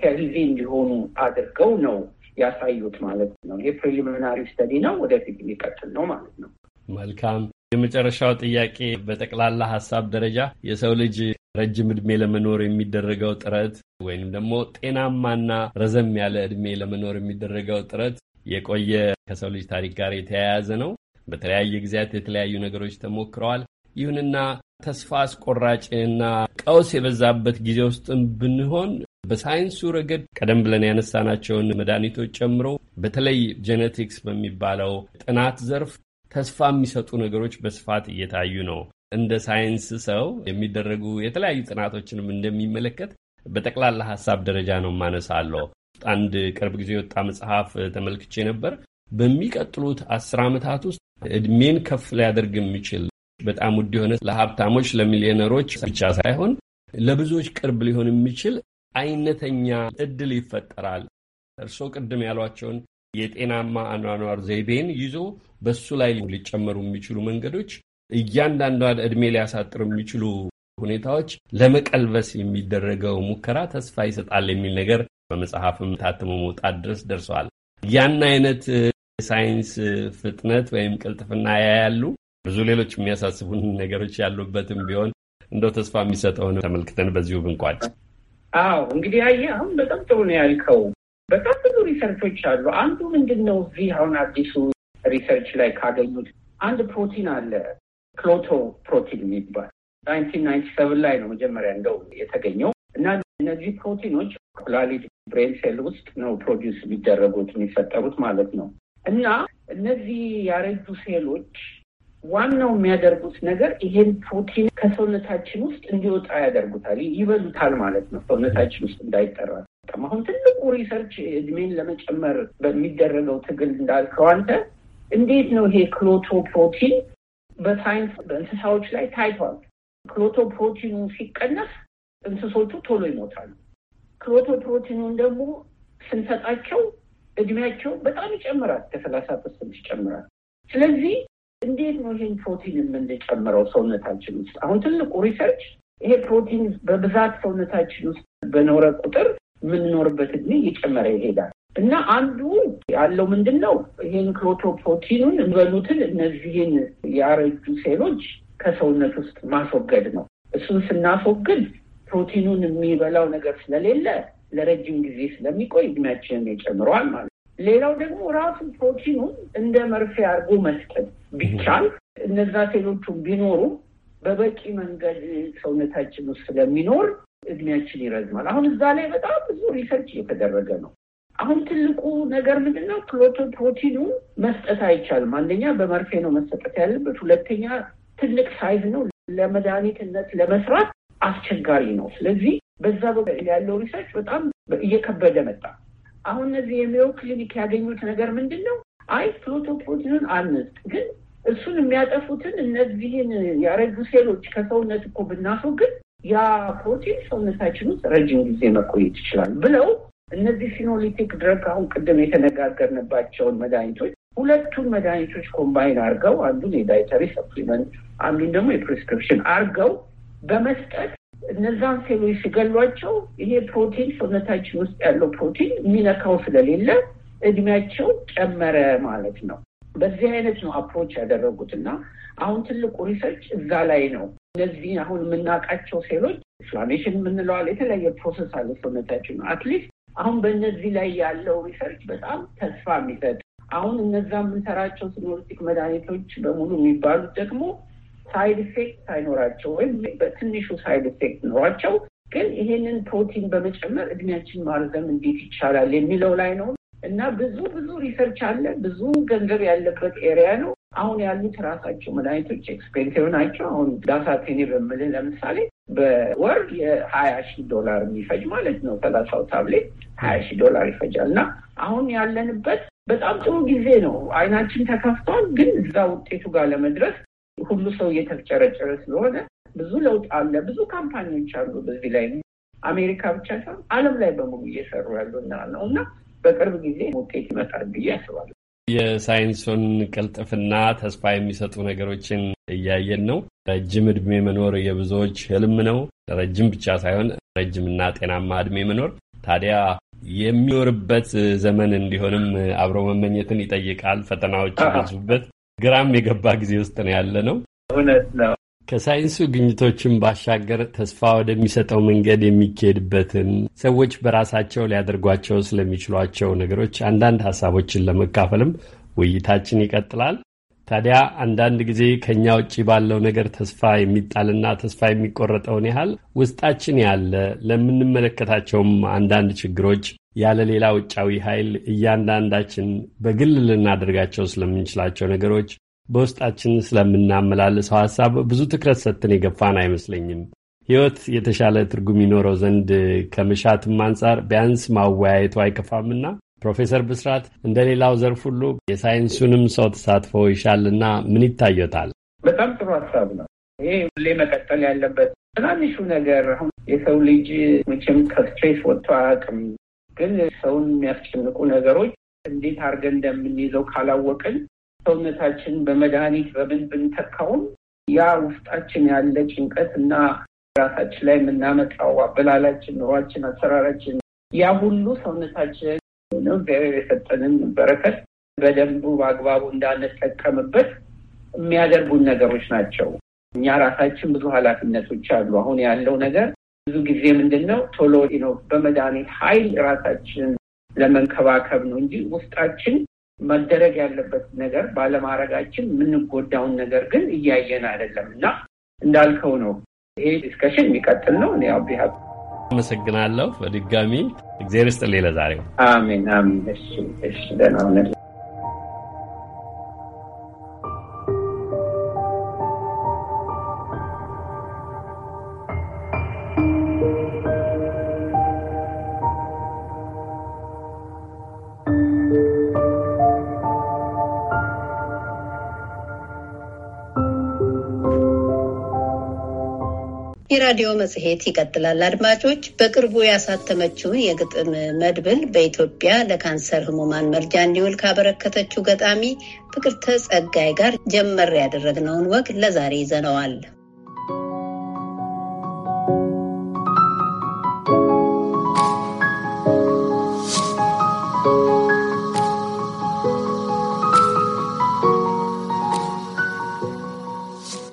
ሄልዚ እንዲሆኑ አድርገው ነው ያሳዩት ማለት ነው። የፕሪሊሚናሪ ስተዲ ነው። ወደፊት የሚቀጥል ነው ማለት ነው። መልካም የመጨረሻው ጥያቄ በጠቅላላ ሀሳብ ደረጃ የሰው ልጅ ረጅም እድሜ ለመኖር የሚደረገው ጥረት ወይንም ደግሞ ጤናማና ረዘም ያለ እድሜ ለመኖር የሚደረገው ጥረት የቆየ ከሰው ልጅ ታሪክ ጋር የተያያዘ ነው። በተለያየ ጊዜያት የተለያዩ ነገሮች ተሞክረዋል። ይሁንና ተስፋ አስቆራጭና ቀውስ የበዛበት ጊዜ ውስጥም ብንሆን በሳይንሱ ረገድ ቀደም ብለን ያነሳናቸውን መድኃኒቶች ጨምሮ በተለይ ጄኔቲክስ በሚባለው ጥናት ዘርፍ ተስፋ የሚሰጡ ነገሮች በስፋት እየታዩ ነው። እንደ ሳይንስ ሰው የሚደረጉ የተለያዩ ጥናቶችንም እንደሚመለከት በጠቅላላ ሀሳብ ደረጃ ነው ማነሳለሁ። አንድ ቅርብ ጊዜ የወጣ መጽሐፍ ተመልክቼ ነበር። በሚቀጥሉት አስር ዓመታት ውስጥ እድሜን ከፍ ሊያደርግ የሚችል በጣም ውድ የሆነ ለሀብታሞች ለሚሊዮነሮች ብቻ ሳይሆን ለብዙዎች ቅርብ ሊሆን የሚችል አይነተኛ እድል ይፈጠራል። እርስዎ ቅድም ያሏቸውን የጤናማ አኗኗር ዘይቤን ይዞ በሱ ላይ ሊጨመሩ የሚችሉ መንገዶች እያንዳንዷ እድሜ ሊያሳጥር የሚችሉ ሁኔታዎች ለመቀልበስ የሚደረገው ሙከራ ተስፋ ይሰጣል የሚል ነገር በመጽሐፍም ታትሞ መውጣት ድረስ ደርሰዋል። ያን አይነት ሳይንስ ፍጥነት ወይም ቅልጥፍና ያያሉ። ብዙ ሌሎች የሚያሳስቡን ነገሮች ያሉበትም ቢሆን እንደው ተስፋ የሚሰጠውን ተመልክተን በዚሁ ብንቋጭ። አዎ እንግዲህ አየህ፣ አሁን በጣም ጥሩ ነው ያልከው። በጣም ብዙ ሪሰርቾች አሉ። አንዱ ምንድን ነው እዚህ አሁን አዲሱ ሪሰርች ላይ ካገኙት አንድ ፕሮቲን አለ ክሎቶ ፕሮቲን የሚባል ናይንቲን ናይንቲ ሰቨን ላይ ነው መጀመሪያ እንደው የተገኘው እና እነዚህ ፕሮቲኖች ኩላሊት ብሬን ሴል ውስጥ ነው ፕሮዲውስ የሚደረጉት የሚፈጠሩት ማለት ነው። እና እነዚህ ያረጁ ሴሎች ዋናው የሚያደርጉት ነገር ይሄን ፕሮቲን ከሰውነታችን ውስጥ እንዲወጣ ያደርጉታል፣ ይበሉታል ማለት ነው። ሰውነታችን ውስጥ እንዳይጠራ አይጠቀም። አሁን ትልቁ ሪሰርች እድሜን ለመጨመር በሚደረገው ትግል እንዳልከው አንተ እንዴት ነው ይሄ ክሎቶ ፕሮቲን በሳይንስ በእንስሳዎች ላይ ታይቷል። ክሎቶ ፕሮቲኑ ሲቀነስ እንስሶቹ ቶሎ ይሞታሉ። ክሎቶ ፕሮቲኑን ደግሞ ስንሰጣቸው እድሜያቸው በጣም ይጨምራል፣ ከሰላሳ ፐርሰንት ይጨምራል። ስለዚህ እንዴት ነው ይህን ፕሮቲን የምንጨምረው ሰውነታችን ውስጥ? አሁን ትልቁ ሪሰርች ይሄ ፕሮቲን በብዛት ሰውነታችን ውስጥ በኖረ ቁጥር የምንኖርበት እድሜ እየጨመረ ይሄዳል እና አንዱ ያለው ምንድን ነው ይህን ክሮቶፕሮቲኑን እንበሉትን እነዚህን ያረጁ ሴሎች ከሰውነት ውስጥ ማስወገድ ነው። እሱን ስናስወግድ ፕሮቲኑን የሚበላው ነገር ስለሌለ ለረጅም ጊዜ ስለሚቆይ እድሜያችንን ይጨምረዋል ማለት ነው። ሌላው ደግሞ ራሱ ፕሮቲኑን እንደ መርፌ አድርጎ መስጠት ቢቻል እነዛ ሴሎቹን ቢኖሩ በበቂ መንገድ ሰውነታችን ውስጥ ስለሚኖር እድሜያችን ይረዝማል። አሁን እዛ ላይ በጣም ብዙ ሪሰርች እየተደረገ ነው። አሁን ትልቁ ነገር ምንድነው ነው? ፕሮቲኑ መስጠት አይቻልም። አንደኛ በመርፌ ነው መሰጠት ያለበት። ሁለተኛ ትልቅ ሳይዝ ነው፣ ለመድኃኒትነት ለመስራት አስቸጋሪ ነው። ስለዚህ በዛ ያለው ሪሰርች በጣም እየከበደ መጣ። አሁን እነዚህ የሜዮ ክሊኒክ ያገኙት ነገር ምንድን ነው? አይ ፕሮቲኑን አንስጥ፣ ግን እሱን የሚያጠፉትን እነዚህን ያረጁ ሴሎች ከሰውነት እኮ ብናስወግድ ያ ፕሮቲን ሰውነታችን ውስጥ ረጅም ጊዜ መቆየት ይችላል ብለው እነዚህ ፊኖሊቲክ ድረግ አሁን ቅድም የተነጋገርንባቸውን መድኃኒቶች ሁለቱን መድኃኒቶች ኮምባይን አርገው አንዱን የዳይተሪ ሰፕሊመንት አንዱን ደግሞ የፕሪስክሪፕሽን አድርገው በመስጠት እነዛን ሴሎች ሲገሏቸው ይሄ ፕሮቲን ሰውነታችን ውስጥ ያለው ፕሮቲን የሚነካው ስለሌለ እድሜያቸው ጨመረ ማለት ነው። በዚህ አይነት ነው አፕሮች ያደረጉት እና አሁን ትልቁ ሪሰርች እዛ ላይ ነው እነዚህ አሁን የምናውቃቸው ሴሎች ኢንፍላሜሽን የምንለዋል የተለያየ ፕሮሰስ አለ ሰውነታችን ነው። አትሊስት አሁን በእነዚህ ላይ ያለው ሪሰርች በጣም ተስፋ የሚሰጥ አሁን እነዛ የምንሰራቸው ሲኖሪስቲክ መድኃኒቶች በሙሉ የሚባሉት ደግሞ ሳይድ ኢፌክት ሳይኖራቸው ወይም በትንሹ ሳይድ ኢፌክት ኖሯቸው ግን ይሄንን ፕሮቲን በመጨመር እድሜያችን ማርዘም እንዴት ይቻላል የሚለው ላይ ነው እና ብዙ ብዙ ሪሰርች አለ። ብዙ ገንዘብ ያለበት ኤሪያ ነው። አሁን ያሉት ራሳቸው መድኃኒቶች ኤክስፔንሲቭ ናቸው። አሁን ዳሳቴኒ በምልህ ለምሳሌ በወር የሀያ ሺህ ዶላር የሚፈጅ ማለት ነው። ሰላሳው ታብሌት ሀያ ሺ ዶላር ይፈጃል እና አሁን ያለንበት በጣም ጥሩ ጊዜ ነው። አይናችን ተከፍቷል። ግን እዛ ውጤቱ ጋር ለመድረስ ሁሉ ሰው እየተጨረጨረ ስለሆነ ብዙ ለውጥ አለ። ብዙ ካምፓኒዎች አሉ በዚህ ላይ አሜሪካ ብቻ ሳይሆን ዓለም ላይ በሙሉ እየሰሩ ያሉ እና በቅርብ ጊዜ ውጤት ይመጣል ብዬ አስባለሁ። የሳይንሱን ቅልጥፍና ተስፋ የሚሰጡ ነገሮችን እያየን ነው። ረጅም እድሜ መኖር የብዙዎች ህልም ነው። ረጅም ብቻ ሳይሆን ረጅምና ጤናማ እድሜ መኖር ታዲያ የሚኖርበት ዘመን እንዲሆንም አብሮ መመኘትን ይጠይቃል። ፈተናዎች ይበዙበት ግራም የገባ ጊዜ ውስጥ ነው ያለ ነው። እውነት ነው። ከሳይንሱ ግኝቶችን ባሻገር ተስፋ ወደሚሰጠው መንገድ የሚካሄድበትን ሰዎች በራሳቸው ሊያደርጓቸው ስለሚችሏቸው ነገሮች አንዳንድ ሀሳቦችን ለመካፈልም ውይይታችን ይቀጥላል። ታዲያ አንዳንድ ጊዜ ከእኛ ውጭ ባለው ነገር ተስፋ የሚጣልና ተስፋ የሚቆረጠውን ያህል ውስጣችን ያለ ለምንመለከታቸውም አንዳንድ ችግሮች ያለ ሌላ ውጫዊ ኃይል እያንዳንዳችን በግል ልናደርጋቸው ስለምንችላቸው ነገሮች በውስጣችን ስለምናመላልሰው ሀሳብ ብዙ ትኩረት ሰጥተን የገፋን አይመስለኝም። ሕይወት የተሻለ ትርጉም ይኖረው ዘንድ ከመሻትም አንጻር ቢያንስ ማወያየቱ አይከፋምና ፕሮፌሰር ብስራት እንደ ሌላው ዘርፍ ሁሉ የሳይንሱንም ሰው ተሳትፎ ይሻልና ምን ይታየታል? በጣም ጥሩ ሀሳብ ነው። ይሄ ሁሌ መቀጠል ያለበት ትናንሹ ነገር። አሁን የሰው ልጅ መቼም ከስትሬስ ወጥቶ አያውቅም። ግን ሰውን የሚያስጨንቁ ነገሮች እንዴት አድርገን እንደምንይዘው ካላወቅን ሰውነታችን በመድኃኒት በምን ብንተካውም ያ ውስጣችን ያለ ጭንቀት እና ራሳችን ላይ የምናመጣው አበላላችን፣ ኑሯችን፣ አሰራራችን ያ ሁሉ ሰውነታችን ነው እግዚአብሔር የሰጠንን በረከት በደንቡ በአግባቡ እንዳንጠቀምበት የሚያደርጉን ነገሮች ናቸው። እኛ ራሳችን ብዙ ኃላፊነቶች አሉ። አሁን ያለው ነገር ብዙ ጊዜ ምንድን ነው ቶሎ ነው በመድኃኒት ኃይል ራሳችን ለመንከባከብ ነው እንጂ ውስጣችን መደረግ ያለበት ነገር ባለማድረጋችን የምንጎዳውን ነገር ግን እያየን አይደለም እና እንዳልከው ነው። ይሄ ዲስከሽን የሚቀጥል ነው። እኔ አብ አመሰግናለሁ በድጋሚ እግዚአብሔር ይስጥልኝ ለዛሬው። አሜን አሜን። እሺ እሺ፣ ደህና ሁነን። የራዲዮ መጽሔት ይቀጥላል። አድማጮች በቅርቡ ያሳተመችውን የግጥም መድብል በኢትዮጵያ ለካንሰር ህሙማን መርጃ እንዲውል ካበረከተችው ገጣሚ ፍቅርተ ጸጋይ ጋር ጀመር ያደረግነውን ወግ ለዛሬ ይዘነዋል።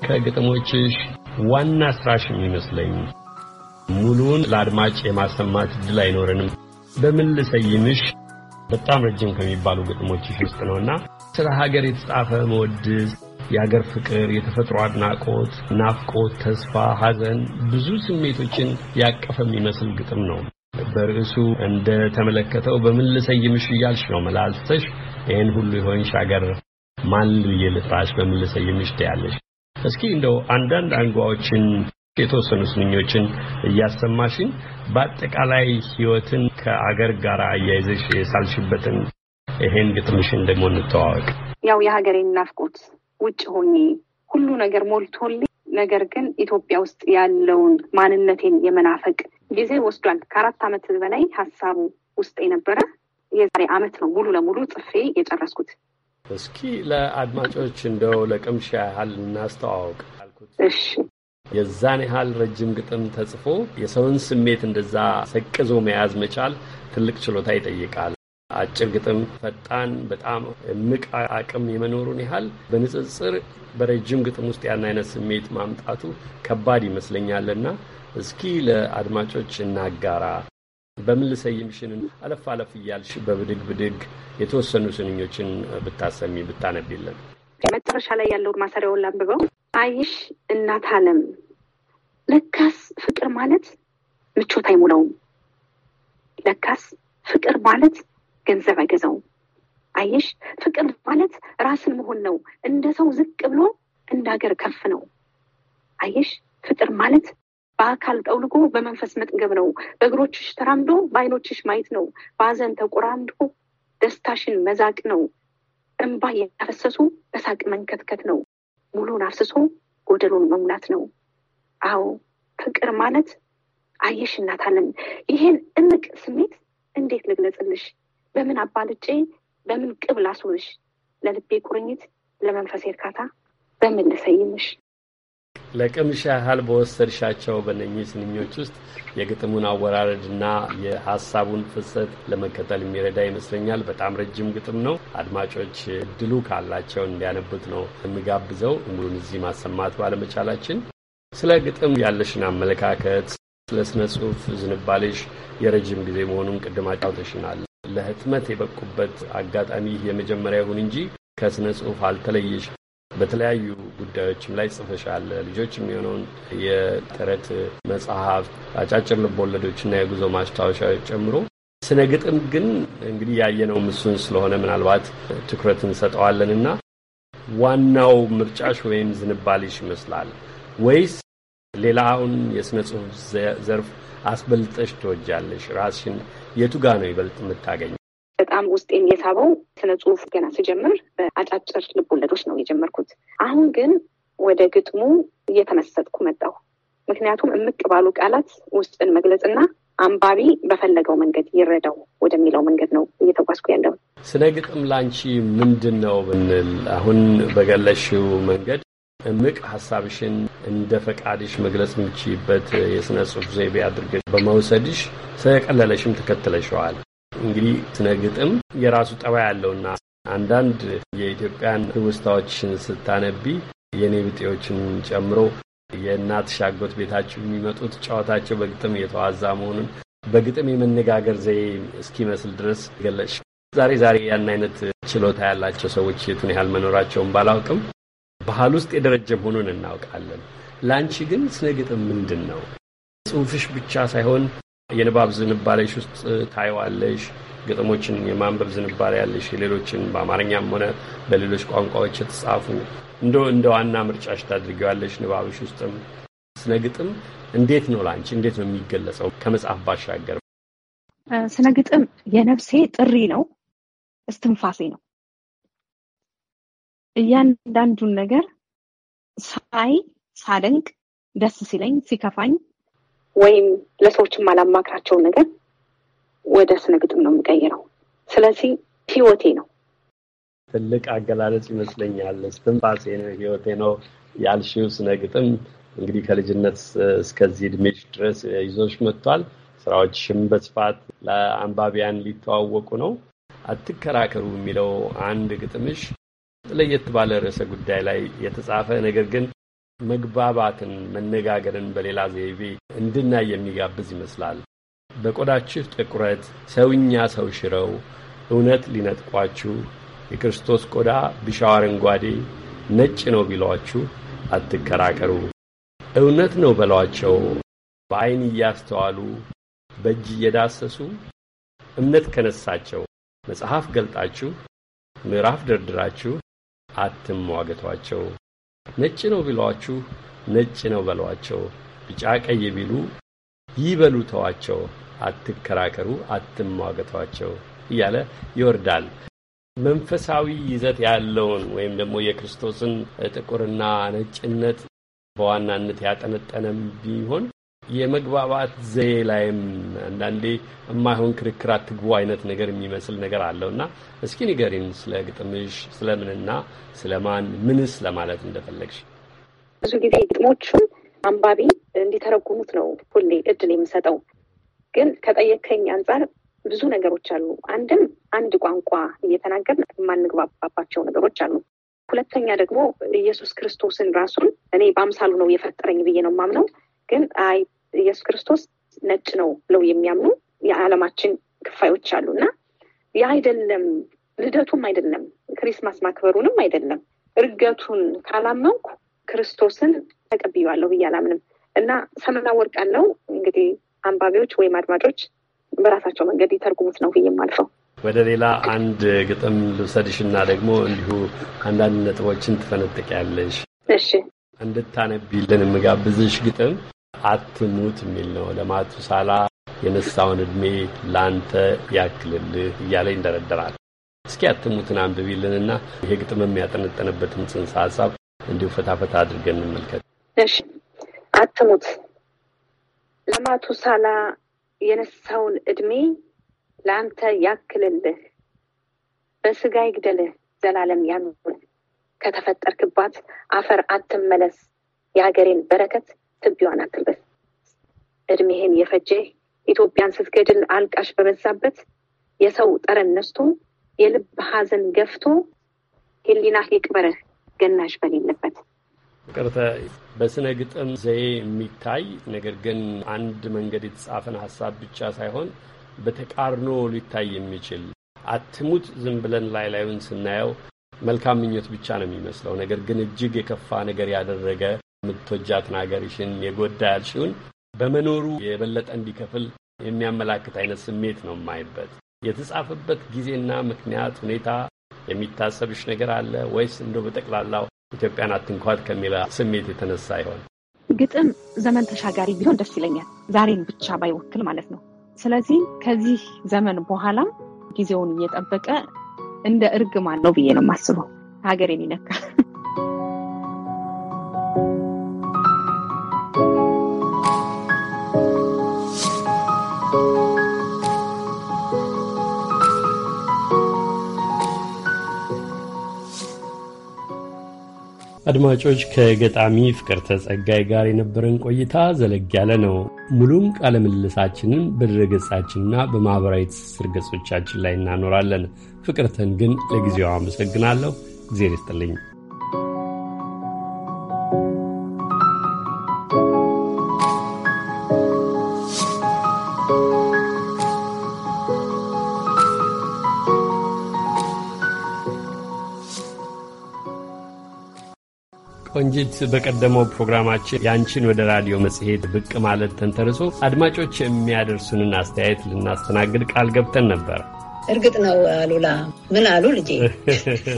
ከግጥሞችሽ ዋና ስራሽ የሚመስለኝ ሙሉውን ለአድማጭ የማሰማት እድል አይኖረንም። በምን ልሰይምሽ በጣም ረጅም ከሚባሉ ግጥሞችሽ ውስጥ ነውና ስለ ሀገር የተጻፈ መወድስ፣ የአገር ፍቅር፣ የተፈጥሮ አድናቆት፣ ናፍቆት፣ ተስፋ፣ ሐዘን ብዙ ስሜቶችን ያቀፈ የሚመስል ግጥም ነው። በርዕሱ እንደ ተመለከተው በምን ልሰይምሽ እያልሽ ነው መላልሰሽ ይህን ሁሉ የሆንሽ ሀገር ማን ልዬ ልጥራሽ በምን ልሰይምሽ ትያለሽ። እስኪ እንደው አንዳንድ አንጓዎችን የተወሰኑ ስንኞችን እያሰማሽን በአጠቃላይ ህይወትን ከአገር ጋር አያይዘሽ የሳልሽበትን ይሄን ግጥምሽን ደግሞ እንተዋወቅ። ያው የሀገሬን ናፍቆት ውጭ ሆኜ ሁሉ ነገር ሞልቶልኝ፣ ነገር ግን ኢትዮጵያ ውስጥ ያለውን ማንነቴን የመናፈቅ ጊዜ ወስዷል። ከአራት ዓመት በላይ ሀሳቡ ውስጥ የነበረ የዛሬ ዓመት ነው ሙሉ ለሙሉ ጽፌ የጨረስኩት። እስኪ ለአድማጮች እንደው ለቅምሻ ያህል እናስተዋወቅ። እሺ የዛን ያህል ረጅም ግጥም ተጽፎ የሰውን ስሜት እንደዛ ሰቅዞ መያዝ መቻል ትልቅ ችሎታ ይጠይቃል። አጭር ግጥም ፈጣን፣ በጣም እምቅ አቅም የመኖሩን ያህል በንጽጽር በረጅም ግጥም ውስጥ ያን አይነት ስሜት ማምጣቱ ከባድ ይመስለኛልና እስኪ ለአድማጮች እናጋራ። በምን ልሰይምሽን አለፍ አለፍ እያልሽ በብድግ ብድግ የተወሰኑ ስንኞችን ብታሰሚ ብታነቢልን። መጨረሻ ላይ ያለውን ማሰሪያውን ላንብበው። አይሽ እናት አለም ለካስ ፍቅር ማለት ምቾት አይሞላውም። ለካስ ፍቅር ማለት ገንዘብ አይገዛውም። አይሽ ፍቅር ማለት ራስን መሆን ነው። እንደ ሰው ዝቅ ብሎ እንደ ሀገር ከፍ ነው። አይሽ ፍቅር ማለት በአካል ጠውልጎ በመንፈስ መጥገብ ነው። በእግሮችሽ ተራምዶ በአይኖችሽ ማየት ነው። በአዘን ተቆራምዶ ደስታሽን መዛቅ ነው። እንባ ያፈሰሱ በሳቅ መንከትከት ነው። ሙሉን አፍስሶ ጎደሉን መሙላት ነው። አዎ ፍቅር ማለት አየሽ እናታለን፣ ይሄን እምቅ ስሜት እንዴት ልግለጽልሽ? በምን አባልጬ በምን ቅብ ላስብሽ? ለልቤ ቁርኝት ለመንፈሴ እርካታ በምን ልሰይምሽ? ለቅምሻ ያህል በወሰድሻቸው በነኚህ ስንኞች ውስጥ የግጥሙን አወራረድና የሀሳቡን ፍሰት ለመከተል የሚረዳ ይመስለኛል። በጣም ረጅም ግጥም ነው። አድማጮች እድሉ ካላቸው እንዲያነቡት ነው የሚጋብዘው። ሙሉን እዚህ ማሰማት ባለመቻላችን ስለ ግጥም ያለሽን አመለካከት ስለ ስነ ጽሁፍ ዝንባሌሽ የረጅም ጊዜ መሆኑን ቅድም አጫውተሽናል። ለህትመት የበቁበት አጋጣሚ የመጀመሪያ ይሁን እንጂ ከስነ ጽሁፍ አልተለየሽ በተለያዩ ጉዳዮችም ላይ ጽፈሻል። ልጆች የሚሆነውን የተረት መጽሐፍ፣ አጫጭር ልቦወለዶችና የጉዞ ማስታወሻዎች ጨምሮ ስነ ግጥም ግን እንግዲህ ያየነው ምሱን ስለሆነ ምናልባት ትኩረት እንሰጠዋለን እና ዋናው ምርጫሽ ወይም ዝንባሌሽ ይመስላል ወይስ ሌላ አሁን የሥነ ጽሑፍ ዘርፍ አስበልጠሽ ትወጃለሽ? ራስሽን የቱ ጋ ነው ይበልጥ የምታገኘው? በጣም ውስጤን የሳበው ስነ ጽሁፍ ገና ስጀምር በአጫጭር ልቦለዶች ነው የጀመርኩት። አሁን ግን ወደ ግጥሙ እየተመሰጥኩ መጣሁ። ምክንያቱም እምቅ ባሉ ቃላት ውስጥን መግለጽና አንባቢ በፈለገው መንገድ ይረዳው ወደሚለው መንገድ ነው እየተጓዝኩ ያለው። ስለ ግጥም ላንቺ ምንድን ነው ብንል አሁን በገለሽው መንገድ እምቅ ሀሳብሽን እንደ ፈቃድሽ መግለጽ የምችይበት የስነ ጽሁፍ ዘይቤ አድርገሽ በመውሰድሽ ስለቀለለሽም ተከትለሸዋል። እንግዲህ ስነ ግጥም የራሱ ጠባይ ያለውና አንዳንድ የኢትዮጵያን ትውስታዎችን ስታነቢ የእኔ ብጤዎችን ጨምሮ የእናት ሻጎት ቤታቸው የሚመጡት ጨዋታቸው በግጥም የተዋዛ መሆኑን በግጥም የመነጋገር ዘዬ እስኪመስል ድረስ ገለጽ። ዛሬ ዛሬ ያን አይነት ችሎታ ያላቸው ሰዎች የቱን ያህል መኖራቸውን ባላውቅም ባህል ውስጥ የደረጀ መሆኑን እናውቃለን። ለአንቺ ግን ስነ ግጥም ምንድን ነው? ጽሁፍሽ ብቻ ሳይሆን የንባብ ዝንባሌሽ ውስጥ ታይዋለሽ? ግጥሞችን የማንበብ ዝንባሌ ያለሽ ሌሎችን በአማርኛም ሆነ በሌሎች ቋንቋዎች የተጻፉ እንደ እንደ ዋና ምርጫሽ ታድርጊዋለሽ። ንባብሽ ውስጥም ስነ ግጥም እንዴት ነው ለአንቺ እንዴት ነው የሚገለጸው? ከመጽሐፍ ባሻገር ስነ ግጥም የነፍሴ ጥሪ ነው፣ እስትንፋሴ ነው። እያንዳንዱን ነገር ሳይ ሳደንቅ፣ ደስ ሲለኝ፣ ሲከፋኝ፣ ወይም ለሰዎች የማላማክራቸው ነገር ወደ ስነ ግጥም ነው የሚቀይረው። ስለዚህ ህይወቴ ነው። ትልቅ አገላለጽ ይመስለኛል። እስትንፋሴ ነው፣ ህይወቴ ነው ያልሽው ስነ ግጥም እንግዲህ ከልጅነት እስከዚህ እድሜሽ ድረስ ይዞሽ መጥቷል። ስራዎችሽም በስፋት ለአንባቢያን ሊተዋወቁ ነው። አትከራከሩ የሚለው አንድ ግጥምሽ ለየት ባለ ርዕሰ ጉዳይ ላይ የተጻፈ ነገር ግን መግባባትን፣ መነጋገርን በሌላ ዘይቤ እንድናይ የሚጋብዝ ይመስላል። በቆዳችሁ ጥቁረት ሰውኛ ሰው ሽረው እውነት ሊነጥቋችሁ የክርስቶስ ቆዳ ቢሻው አረንጓዴ ነጭ ነው ቢሏችሁ አትከራከሩ። እውነት ነው በሏቸው። በዐይን እያስተዋሉ በእጅ እየዳሰሱ እምነት ከነሳቸው መጽሐፍ ገልጣችሁ ምዕራፍ ደርድራችሁ አትሟገቷቸው። ነጭ ነው ቢሏችሁ ነጭ ነው በሏቸው። ቢጫ ቀይ ቢሉ ይበሉ ተዋቸው። አትከራከሩ፣ አትሟገቷቸው እያለ ይወርዳል። መንፈሳዊ ይዘት ያለውን ወይም ደግሞ የክርስቶስን ጥቁርና ነጭነት በዋናነት ያጠነጠነም ቢሆን የመግባባት ዘዬ ላይም አንዳንዴ የማይሆን ክርክር አትግቡ አይነት ነገር የሚመስል ነገር አለው እና እስኪ ንገሪን ስለ ግጥምሽ ስለምንና ስለማን ምንስ ለማለት እንደፈለግሽ። ብዙ ጊዜ ግጥሞቹን አንባቢ እንዲተረጉሙት ነው ሁሌ እድል የምሰጠው። ግን ከጠየከኝ አንጻር ብዙ ነገሮች አሉ። አንድም አንድ ቋንቋ እየተናገር የማንግባባባቸው ነገሮች አሉ። ሁለተኛ ደግሞ ኢየሱስ ክርስቶስን ራሱን እኔ በአምሳሉ ነው የፈጠረኝ ብዬ ነው የማምነው። ግን አይ ኢየሱስ ክርስቶስ ነጭ ነው ብለው የሚያምኑ የዓለማችን ክፋዮች አሉ እና ያ አይደለም ልደቱም አይደለም ክሪስማስ ማክበሩንም አይደለም እርገቱን ካላመንኩ ክርስቶስን ተቀብያለሁ ብዬ አላምንም እና ሰመና ወርቅ አለው እንግዲህ አንባቢዎች ወይም አድማጮች በራሳቸው መንገድ የተርጉሙት ነው ብዬ ማልፈው ወደ ሌላ አንድ ግጥም ልውሰድሽና ደግሞ እንዲሁ አንዳንድ ነጥቦችን ያለሽ እሺ እንድታነቢልን የምጋብዝሽ ግጥም አትሙት የሚል ነው። ሳላ የነሳውን እድሜ ላንተ ያክልልህ እያለ ይንደረደራል። እስኪ አትሙትን አንብቢልንና ይሄ ግጥም የሚያጠነጠንበትን ጽንሰ ሀሳብ እንዲሁ ፈታፈታ አድርገን እንመልከት። እሺ አትሙት ሳላ የነሳውን እድሜ ለአንተ ያክልልህ፣ በስጋ ይግደልህ ዘላለም ያኑርህ ከተፈጠርክባት አፈር አትመለስ የሀገሬን በረከት ትቢዋን አትልበስ። እድሜህን የፈጀ ኢትዮጵያን ስትገድል አልቃሽ በበዛበት የሰው ጠረን ነስቶ የልብ ሐዘን ገፍቶ ህሊናህ ይቅበረህ ገናሽ በሌለበት ቅርተ በስነ ግጥም ዘዬ የሚታይ ነገር ግን አንድ መንገድ የተጻፈን ሀሳብ ብቻ ሳይሆን በተቃርኖ ሊታይ የሚችል አትሙት ዝም ብለን ላይ ላዩን ስናየው መልካም ምኞት ብቻ ነው የሚመስለው። ነገር ግን እጅግ የከፋ ነገር ያደረገ የምትወጃትን ሀገርሽን የጎዳ ያልሽውን በመኖሩ የበለጠ እንዲከፍል የሚያመላክት አይነት ስሜት ነው የማይበት። የተጻፈበት ጊዜና ምክንያት ሁኔታ የሚታሰብሽ ነገር አለ ወይስ እንደው በጠቅላላው ኢትዮጵያን አትንኳት ከሚላ ስሜት የተነሳ ይሆን? ግጥም ዘመን ተሻጋሪ ቢሆን ደስ ይለኛል፣ ዛሬን ብቻ ባይወክል ማለት ነው። ስለዚህ ከዚህ ዘመን በኋላም ጊዜውን እየጠበቀ እንደ እርግማን ነው ብዬ ነው የማስበው ሀገሬን ይነካል። አድማጮች ከገጣሚ ፍቅርተ ጸጋይ ጋር የነበረን ቆይታ ዘለግ ያለ ነው። ሙሉም ቃለ ምልልሳችንን በድረገጻችንና በማኅበራዊ ትስስር ገጾቻችን ላይ እናኖራለን። ፍቅርተን ግን ለጊዜው አመሰግናለሁ። እግዜር ይስጥልኝ። ቆንጂት፣ በቀደመው ፕሮግራማችን ያንቺን ወደ ራዲዮ መጽሔት ብቅ ማለት ተንተርሶ አድማጮች የሚያደርሱንን አስተያየት ልናስተናግድ ቃል ገብተን ነበር። እርግጥ ነው አሉላ። ምን አሉ ልጄ?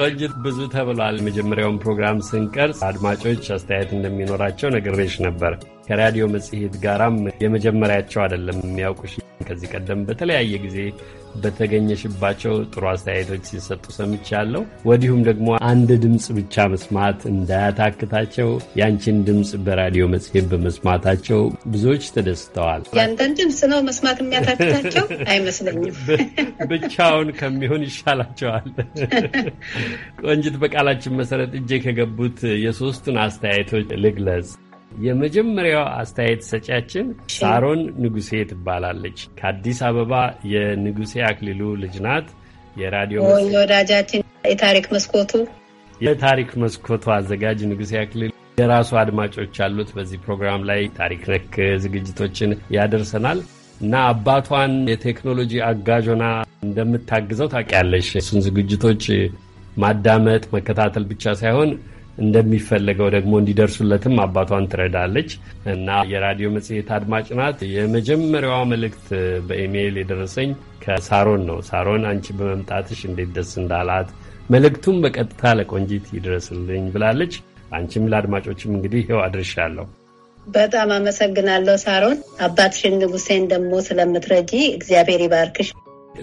ቆንጅት፣ ብዙ ተብሏል። የመጀመሪያውን ፕሮግራም ስንቀርጽ አድማጮች አስተያየት እንደሚኖራቸው ነግሬሽ ነበር። ከራዲዮ መጽሔት ጋራም የመጀመሪያቸው አይደለም የሚያውቁሽ ከዚህ ቀደም በተለያየ ጊዜ በተገኘሽባቸው ጥሩ አስተያየቶች ሲሰጡ ሰምቻለሁ። ወዲሁም ደግሞ አንድ ድምፅ ብቻ መስማት እንዳያታክታቸው ያንቺን ድምፅ በራዲዮ መጽሔት በመስማታቸው ብዙዎች ተደስተዋል። ያንተን ድምፅ ነው መስማት የሚያታክታቸው አይመስለኝም። ብቻውን ከሚሆን ይሻላቸዋል። ቆንጅት፣ በቃላችን መሰረት እጄ ከገቡት የሶስቱን አስተያየቶች ልግለጽ። የመጀመሪያው አስተያየት ሰጫችን ሳሮን ንጉሴ ትባላለች። ከአዲስ አበባ የንጉሴ አክሊሉ ልጅ ናት። የራዲዮ ወዳጃችን የታሪክ መስኮቱ የታሪክ መስኮቱ አዘጋጅ ንጉሴ አክሊሉ የራሱ አድማጮች አሉት። በዚህ ፕሮግራም ላይ ታሪክ ነክ ዝግጅቶችን ያደርሰናል እና አባቷን የቴክኖሎጂ አጋዦና እንደምታግዘው ታውቂያለሽ። እሱን ዝግጅቶች ማዳመጥ መከታተል ብቻ ሳይሆን እንደሚፈለገው ደግሞ እንዲደርሱለትም አባቷን ትረዳለች እና የራዲዮ መጽሔት አድማጭ ናት። የመጀመሪያዋ መልእክት በኢሜይል የደረሰኝ ከሳሮን ነው። ሳሮን አንቺ በመምጣትሽ እንዴት ደስ እንዳላት መልእክቱም በቀጥታ ለቆንጂት ይድረስልኝ ብላለች። አንቺም ለአድማጮችም እንግዲህ ይኸው አድርሻለሁ። በጣም አመሰግናለሁ ሳሮን። አባትሽን ንጉሴን ደግሞ ስለምትረጂ እግዚአብሔር ይባርክሽ።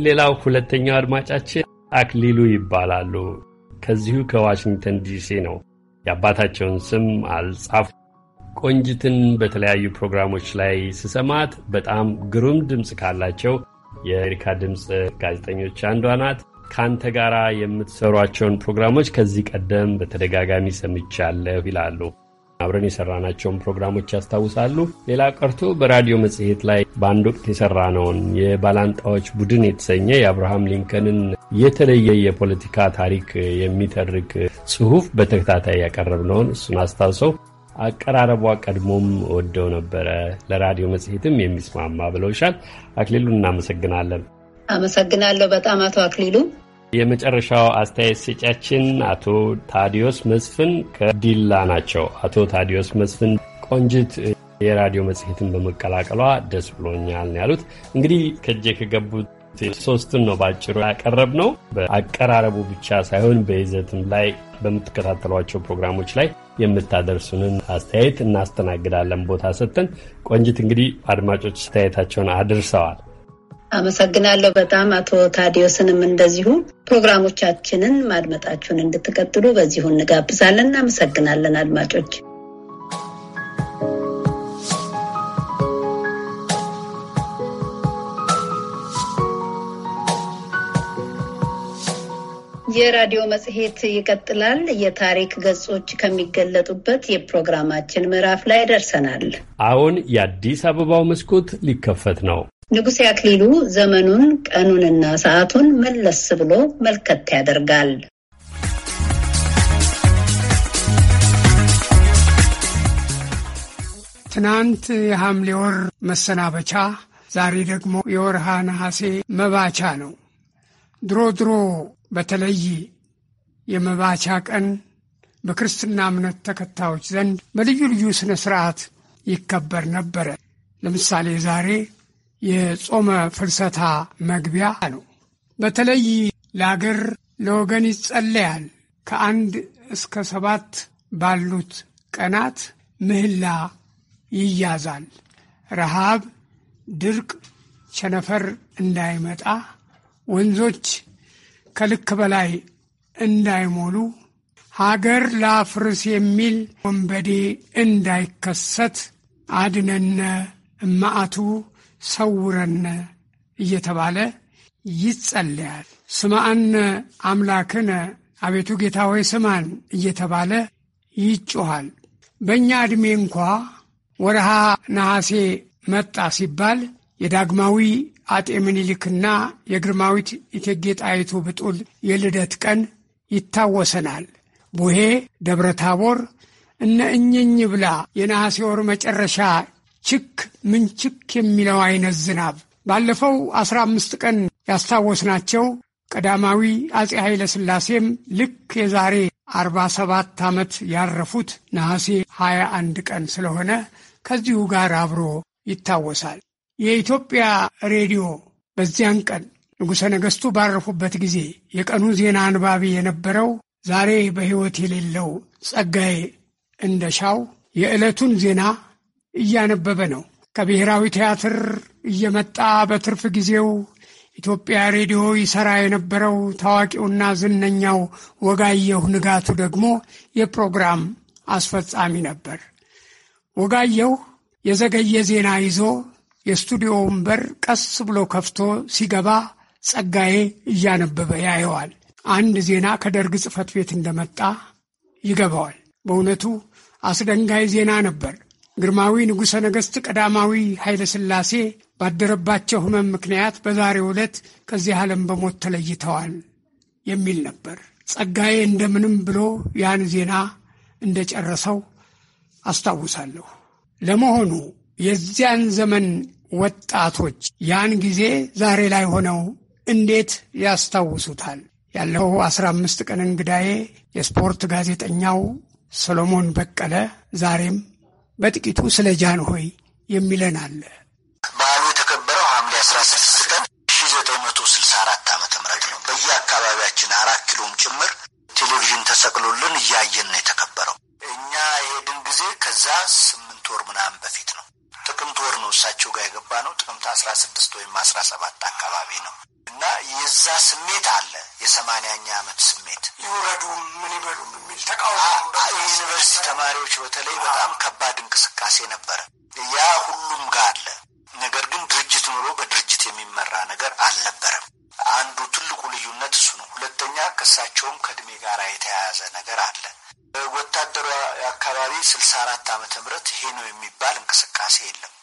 ሌላው ሁለተኛው አድማጫችን አክሊሉ ይባላሉ። ከዚሁ ከዋሽንግተን ዲሲ ነው። የአባታቸውን ስም አልጻፉ። ቆንጅትን በተለያዩ ፕሮግራሞች ላይ ስሰማት በጣም ግሩም ድምፅ ካላቸው የአሜሪካ ድምፅ ጋዜጠኞች አንዷ ናት። ከአንተ ጋር የምትሰሯቸውን ፕሮግራሞች ከዚህ ቀደም በተደጋጋሚ ሰምቻለሁ ይላሉ። አብረን የሰራናቸውን ፕሮግራሞች ያስታውሳሉ። ሌላ ቀርቶ በራዲዮ መጽሔት ላይ በአንድ ወቅት የሰራነውን የባላንጣዎች ቡድን የተሰኘ የአብርሃም ሊንከንን የተለየ የፖለቲካ ታሪክ የሚተርክ ጽሑፍ በተከታታይ ያቀረብነውን እሱን አስታውሰው አቀራረቧ ቀድሞም ወደው ነበረ፣ ለራዲዮ መጽሔትም የሚስማማ ብለውሻል። አክሊሉ እናመሰግናለን። አመሰግናለሁ በጣም አቶ አክሊሉ። የመጨረሻው አስተያየት ሰጫችን አቶ ታዲዮስ መስፍን ከዲላ ናቸው። አቶ ታዲዮስ መስፍን ቆንጅት የራዲዮ መጽሔትን በመቀላቀሏ ደስ ብሎኛል ያሉት። እንግዲህ ከእጄ ከገቡት ሶስቱን ነው በአጭሩ ያቀረብ ነው። በአቀራረቡ ብቻ ሳይሆን በይዘትም ላይ በምትከታተሏቸው ፕሮግራሞች ላይ የምታደርሱንን አስተያየት እናስተናግዳለን ቦታ ሰጥተን። ቆንጅት እንግዲህ አድማጮች አስተያየታቸውን አድርሰዋል። አመሰግናለሁ በጣም አቶ ታዲዮስንም እንደዚሁ ፕሮግራሞቻችንን ማድመጣችሁን እንድትቀጥሉ በዚሁ እንጋብዛለን። እናመሰግናለን አድማጮች። የራዲዮ መጽሔት ይቀጥላል። የታሪክ ገጾች ከሚገለጡበት የፕሮግራማችን ምዕራፍ ላይ ደርሰናል። አሁን የአዲስ አበባው መስኮት ሊከፈት ነው። ንጉሴ አክሊሉ ዘመኑን ቀኑንና ሰዓቱን መለስ ብሎ መልከት ያደርጋል። ትናንት የሐምሌ ወር መሰናበቻ፣ ዛሬ ደግሞ የወርሃ ነሐሴ መባቻ ነው። ድሮ ድሮ በተለይ የመባቻ ቀን በክርስትና እምነት ተከታዮች ዘንድ በልዩ ልዩ ሥነ ሥርዓት ይከበር ነበረ። ለምሳሌ ዛሬ የጾመ ፍልሰታ መግቢያ ነው። በተለይ ለአገር ለወገን ይጸለያል። ከአንድ እስከ ሰባት ባሉት ቀናት ምህላ ይያዛል። ረሃብ፣ ድርቅ፣ ቸነፈር እንዳይመጣ፣ ወንዞች ከልክ በላይ እንዳይሞሉ፣ ሀገር ላፍርስ የሚል ወንበዴ እንዳይከሰት አድነነ እማአቱ ሰውረነ እየተባለ ይጸለያል። ስማአነ አምላክነ አቤቱ ጌታ ሆይ ስማን እየተባለ ይጮኋል። በእኛ ዕድሜ እንኳ ወርሃ ነሐሴ መጣ ሲባል የዳግማዊ አጤ ምኒልክና የግርማዊት እቴጌ ጣይቱ ብጡል የልደት ቀን ይታወሰናል። ቡሄ፣ ደብረ ታቦር እነ እኝኝ ብላ የነሐሴ ወር መጨረሻ ችክ ምን ችክ የሚለው አይነት ዝናብ ባለፈው አስራ አምስት ቀን ያስታወስናቸው ቀዳማዊ አጼ ኃይለ ሥላሴም ልክ የዛሬ አርባ ሰባት ዓመት ያረፉት ነሐሴ ሀያ አንድ ቀን ስለሆነ ከዚሁ ጋር አብሮ ይታወሳል። የኢትዮጵያ ሬዲዮ በዚያን ቀን ንጉሠ ነገሥቱ ባረፉበት ጊዜ የቀኑ ዜና አንባቢ የነበረው ዛሬ በሕይወት የሌለው ጸጋዬ እንደሻው የዕለቱን ዜና እያነበበ ነው። ከብሔራዊ ቲያትር እየመጣ በትርፍ ጊዜው ኢትዮጵያ ሬዲዮ ይሰራ የነበረው ታዋቂውና ዝነኛው ወጋየሁ ንጋቱ ደግሞ የፕሮግራም አስፈጻሚ ነበር። ወጋየሁ የዘገየ ዜና ይዞ የስቱዲዮውን በር ቀስ ብሎ ከፍቶ ሲገባ ጸጋዬ እያነበበ ያየዋል። አንድ ዜና ከደርግ ጽሕፈት ቤት እንደመጣ ይገባዋል። በእውነቱ አስደንጋይ ዜና ነበር። ግርማዊ ንጉሠ ነገሥት ቀዳማዊ ኃይለ ሥላሴ ባደረባቸው ሕመም ምክንያት በዛሬ ዕለት ከዚህ ዓለም በሞት ተለይተዋል የሚል ነበር። ጸጋዬ እንደምንም ብሎ ያን ዜና ጨረሰው አስታውሳለሁ። ለመሆኑ የዚያን ዘመን ወጣቶች ያን ጊዜ ዛሬ ላይ ሆነው እንዴት ያስታውሱታል? ያለው አስራ አምስት ቀን እንግዳዬ የስፖርት ጋዜጠኛው ሰሎሞን በቀለ ዛሬም በጥቂቱ ስለ ጃንሆይ የሚለን አለ። በዓሉ የተከበረው ሐምሌ 16 ቀን 964 ዓ ም ነው። በየአካባቢያችን አራት ኪሎም ጭምር ቴሌቪዥን ተሰቅሎልን እያየን ነው የተከበረው። እኛ የሄድን ጊዜ ከዛ ስምንት ወር ምናምን በፊት ነው። ጥቅምት ወር ነው እሳቸው ጋር የገባ ነው። ጥቅምት 16 ወይም 17 አካባቢ ነው እና የዛ ስሜት አለ የሰማንያኛ ዓመት ስሜት ይውረዱ ምን ይበሉ የሚል ተቃ ተማሪዎች በተለይ በጣም ከባድ እንቅስቃሴ ነበረ። ያ ሁሉም ጋር አለ። ነገር ግን ድርጅት ኑሮ በድርጅት የሚመራ ነገር አልነበረም። አንዱ ትልቁ ልዩነት እሱ ነው። ሁለተኛ ከእሳቸውም ከእድሜ ጋር የተያያዘ ነገር አለ። ወታደሩ አካባቢ ስልሳ አራት ዓመተ ምህረት ይሄ ነው የሚባል እንቅስቃሴ የለም።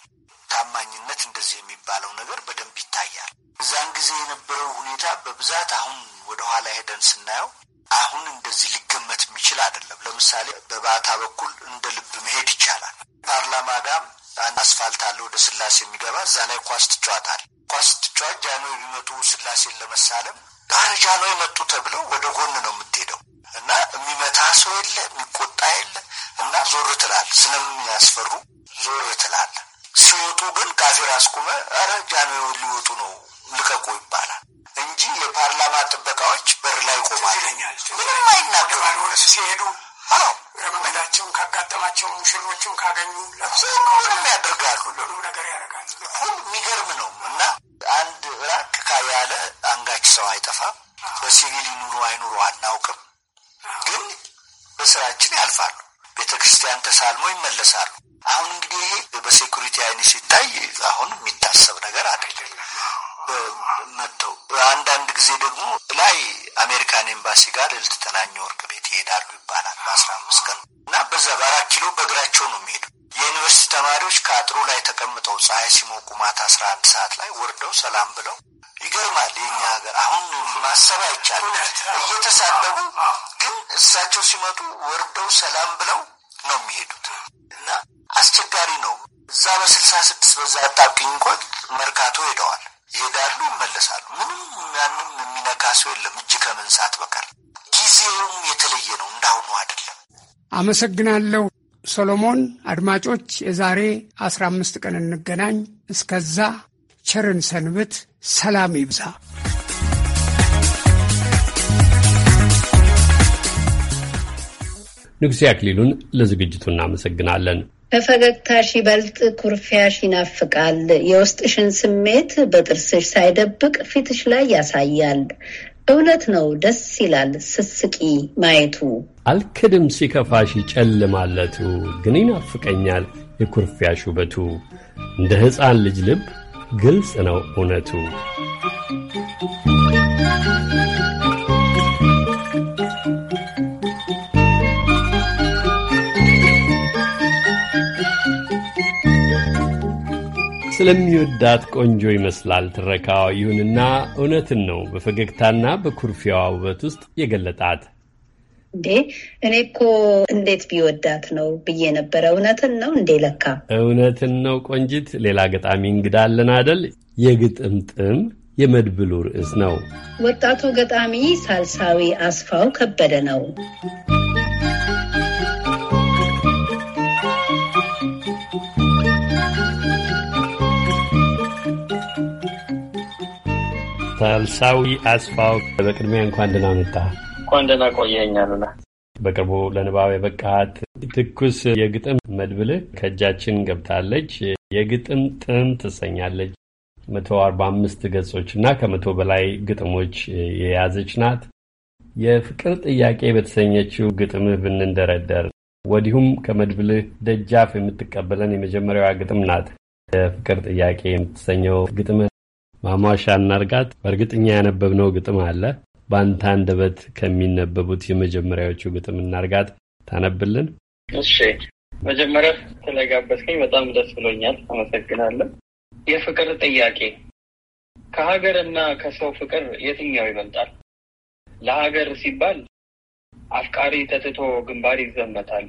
ታማኝነት እንደዚህ የሚባለው ነገር በደንብ ይታያል። እዛን ጊዜ የነበረው ሁኔታ በብዛት አሁን ወደኋላ ሄደን ስናየው አሁን እንደዚህ ሊገመት የሚችል አይደለም። ለምሳሌ በባታ በኩል እንደ ልብ መሄድ ይቻላል። ፓርላማ ጋር አንድ አስፋልት አለ ወደ ስላሴ የሚገባ እዛ ላይ ኳስ ትጫዋታል። ኳስ ትጫዋት ጃኖ የሚመጡ ስላሴን ለመሳለም ዳር ጃኖ የመጡ ተብለው ወደ ጎን ነው የምትሄደው እና የሚመታ ሰው የለ የሚቆጣ የለ እና ዞር ትላል። ስለሚያስፈሩ ዞር ትላል። ሲወጡ ግን ካፌር አስቁመ ረ ጃኖ ሊወጡ ነው ልቀቁ ይባላል። እንጂ የፓርላማ ጥበቃዎች በር ላይ ቆማል። ምንም አይናገሩ ሲሄዱ ረመዳቸውን ካጋጠማቸው ሙሽሮችን ካገኙ ሁሉም ያደርጋሉ። ሁሉም ነገር ያደርጋሉ። ሁሉም የሚገርም ነው እና አንድ ራቅ ያለ አንጋች ሰው አይጠፋም። በሲቪል ይኑሩ አይኑሩ አናውቅም፣ ግን በስራችን ያልፋሉ። ቤተ ክርስቲያን ተሳልሞ ይመለሳሉ። አሁን እንግዲህ ይሄ በሴኩሪቲ አይን ሲታይ አሁን የሚታሰብ ነገር አይደለም። መጥተው አንዳንድ ጊዜ ደግሞ ላይ አሜሪካን ኤምባሲ ጋር ልትተናኘ ወርቅ ቤት ይሄዳሉ ይባላል። በአስራ አምስት ቀን እና በዛ በአራት ኪሎ በእግራቸው ነው የሚሄዱ የዩኒቨርሲቲ ተማሪዎች ከአጥሩ ላይ ተቀምጠው ፀሐይ ሲሞቁ ማታ አስራ አንድ ሰዓት ላይ ወርደው ሰላም ብለው ይገርማል። የኛ ሀገር አሁን ማሰብ አይቻልም። እየተሳደቡ ግን እሳቸው ሲመጡ ወርደው ሰላም ብለው ነው የሚሄዱት እና አስቸጋሪ ነው። እዛ በስልሳ ስድስት በዛ አጣብቂኝ እንኳን መርካቶ እንቅስቃሴው የለም እጅ ከመንሳት በቀር። ጊዜውም የተለየ ነው፣ እንዳሁኑ አይደለም። አመሰግናለሁ ሶሎሞን። አድማጮች የዛሬ አስራ አምስት ቀን እንገናኝ። እስከዛ ቸርን ሰንብት። ሰላም ይብዛ። ንጉሴ አክሊሉን ለዝግጅቱ እናመሰግናለን። ከፈገግታሽ ይበልጥ ኩርፊያሽ ይናፍቃል። የውስጥሽን ስሜት በጥርስሽ ሳይደብቅ ፊትሽ ላይ ያሳያል። እውነት ነው፣ ደስ ይላል ስስቂ ማየቱ። አልክድም ሲከፋሽ ይጨልማለቱ፣ ግን ይናፍቀኛል የኩርፊያሽ ውበቱ። እንደ ሕፃን ልጅ ልብ ግልጽ ነው እውነቱ። ስለሚወዳት ቆንጆ ይመስላል ትረካዋ። ይሁንና እውነትን ነው በፈገግታና በኩርፊያዋ ውበት ውስጥ የገለጣት። እንዴ እኔ እኮ እንዴት ቢወዳት ነው ብዬ ነበረ። እውነትን ነው እንዴ? ለካ እውነትን ነው ቆንጂት። ሌላ ገጣሚ እንግዳ አለን አደል? የግጥም ጥም የመድብሉ ርዕስ ነው። ወጣቱ ገጣሚ ሳልሳዊ አስፋው ከበደ ነው። ሳልሳዊ አስፋው በቅድሚያ እንኳን ደህና መጣ። እንኳን ደህና ቆየኛልና በቅርቡ ለንባብ የበቃሃት ትኩስ የግጥም መድብልህ ከእጃችን ገብታለች። የግጥም ጥም ትሰኛለች። መቶ አርባ አምስት ገጾች እና ከመቶ በላይ ግጥሞች የያዘች ናት። የፍቅር ጥያቄ በተሰኘችው ግጥምህ ብንንደረደር ወዲሁም ከመድብልህ ደጃፍ የምትቀበለን የመጀመሪያዋ ግጥም ናት። የፍቅር ጥያቄ የምትሰኘው ግጥምህ ማሟሻ እናርጋት በእርግጥኛ ያነበብነው ግጥም አለ። በአንተ አንደበት ከሚነበቡት የመጀመሪያዎቹ ግጥም እናርጋት ታነብልን? እሺ፣ መጀመሪያ ስለጋበዝከኝ በጣም ደስ ብሎኛል። አመሰግናለሁ። የፍቅር ጥያቄ ከሀገርና ከሰው ፍቅር የትኛው ይበልጣል? ለሀገር ሲባል አፍቃሪ ተትቶ ግንባር ይዘመታል።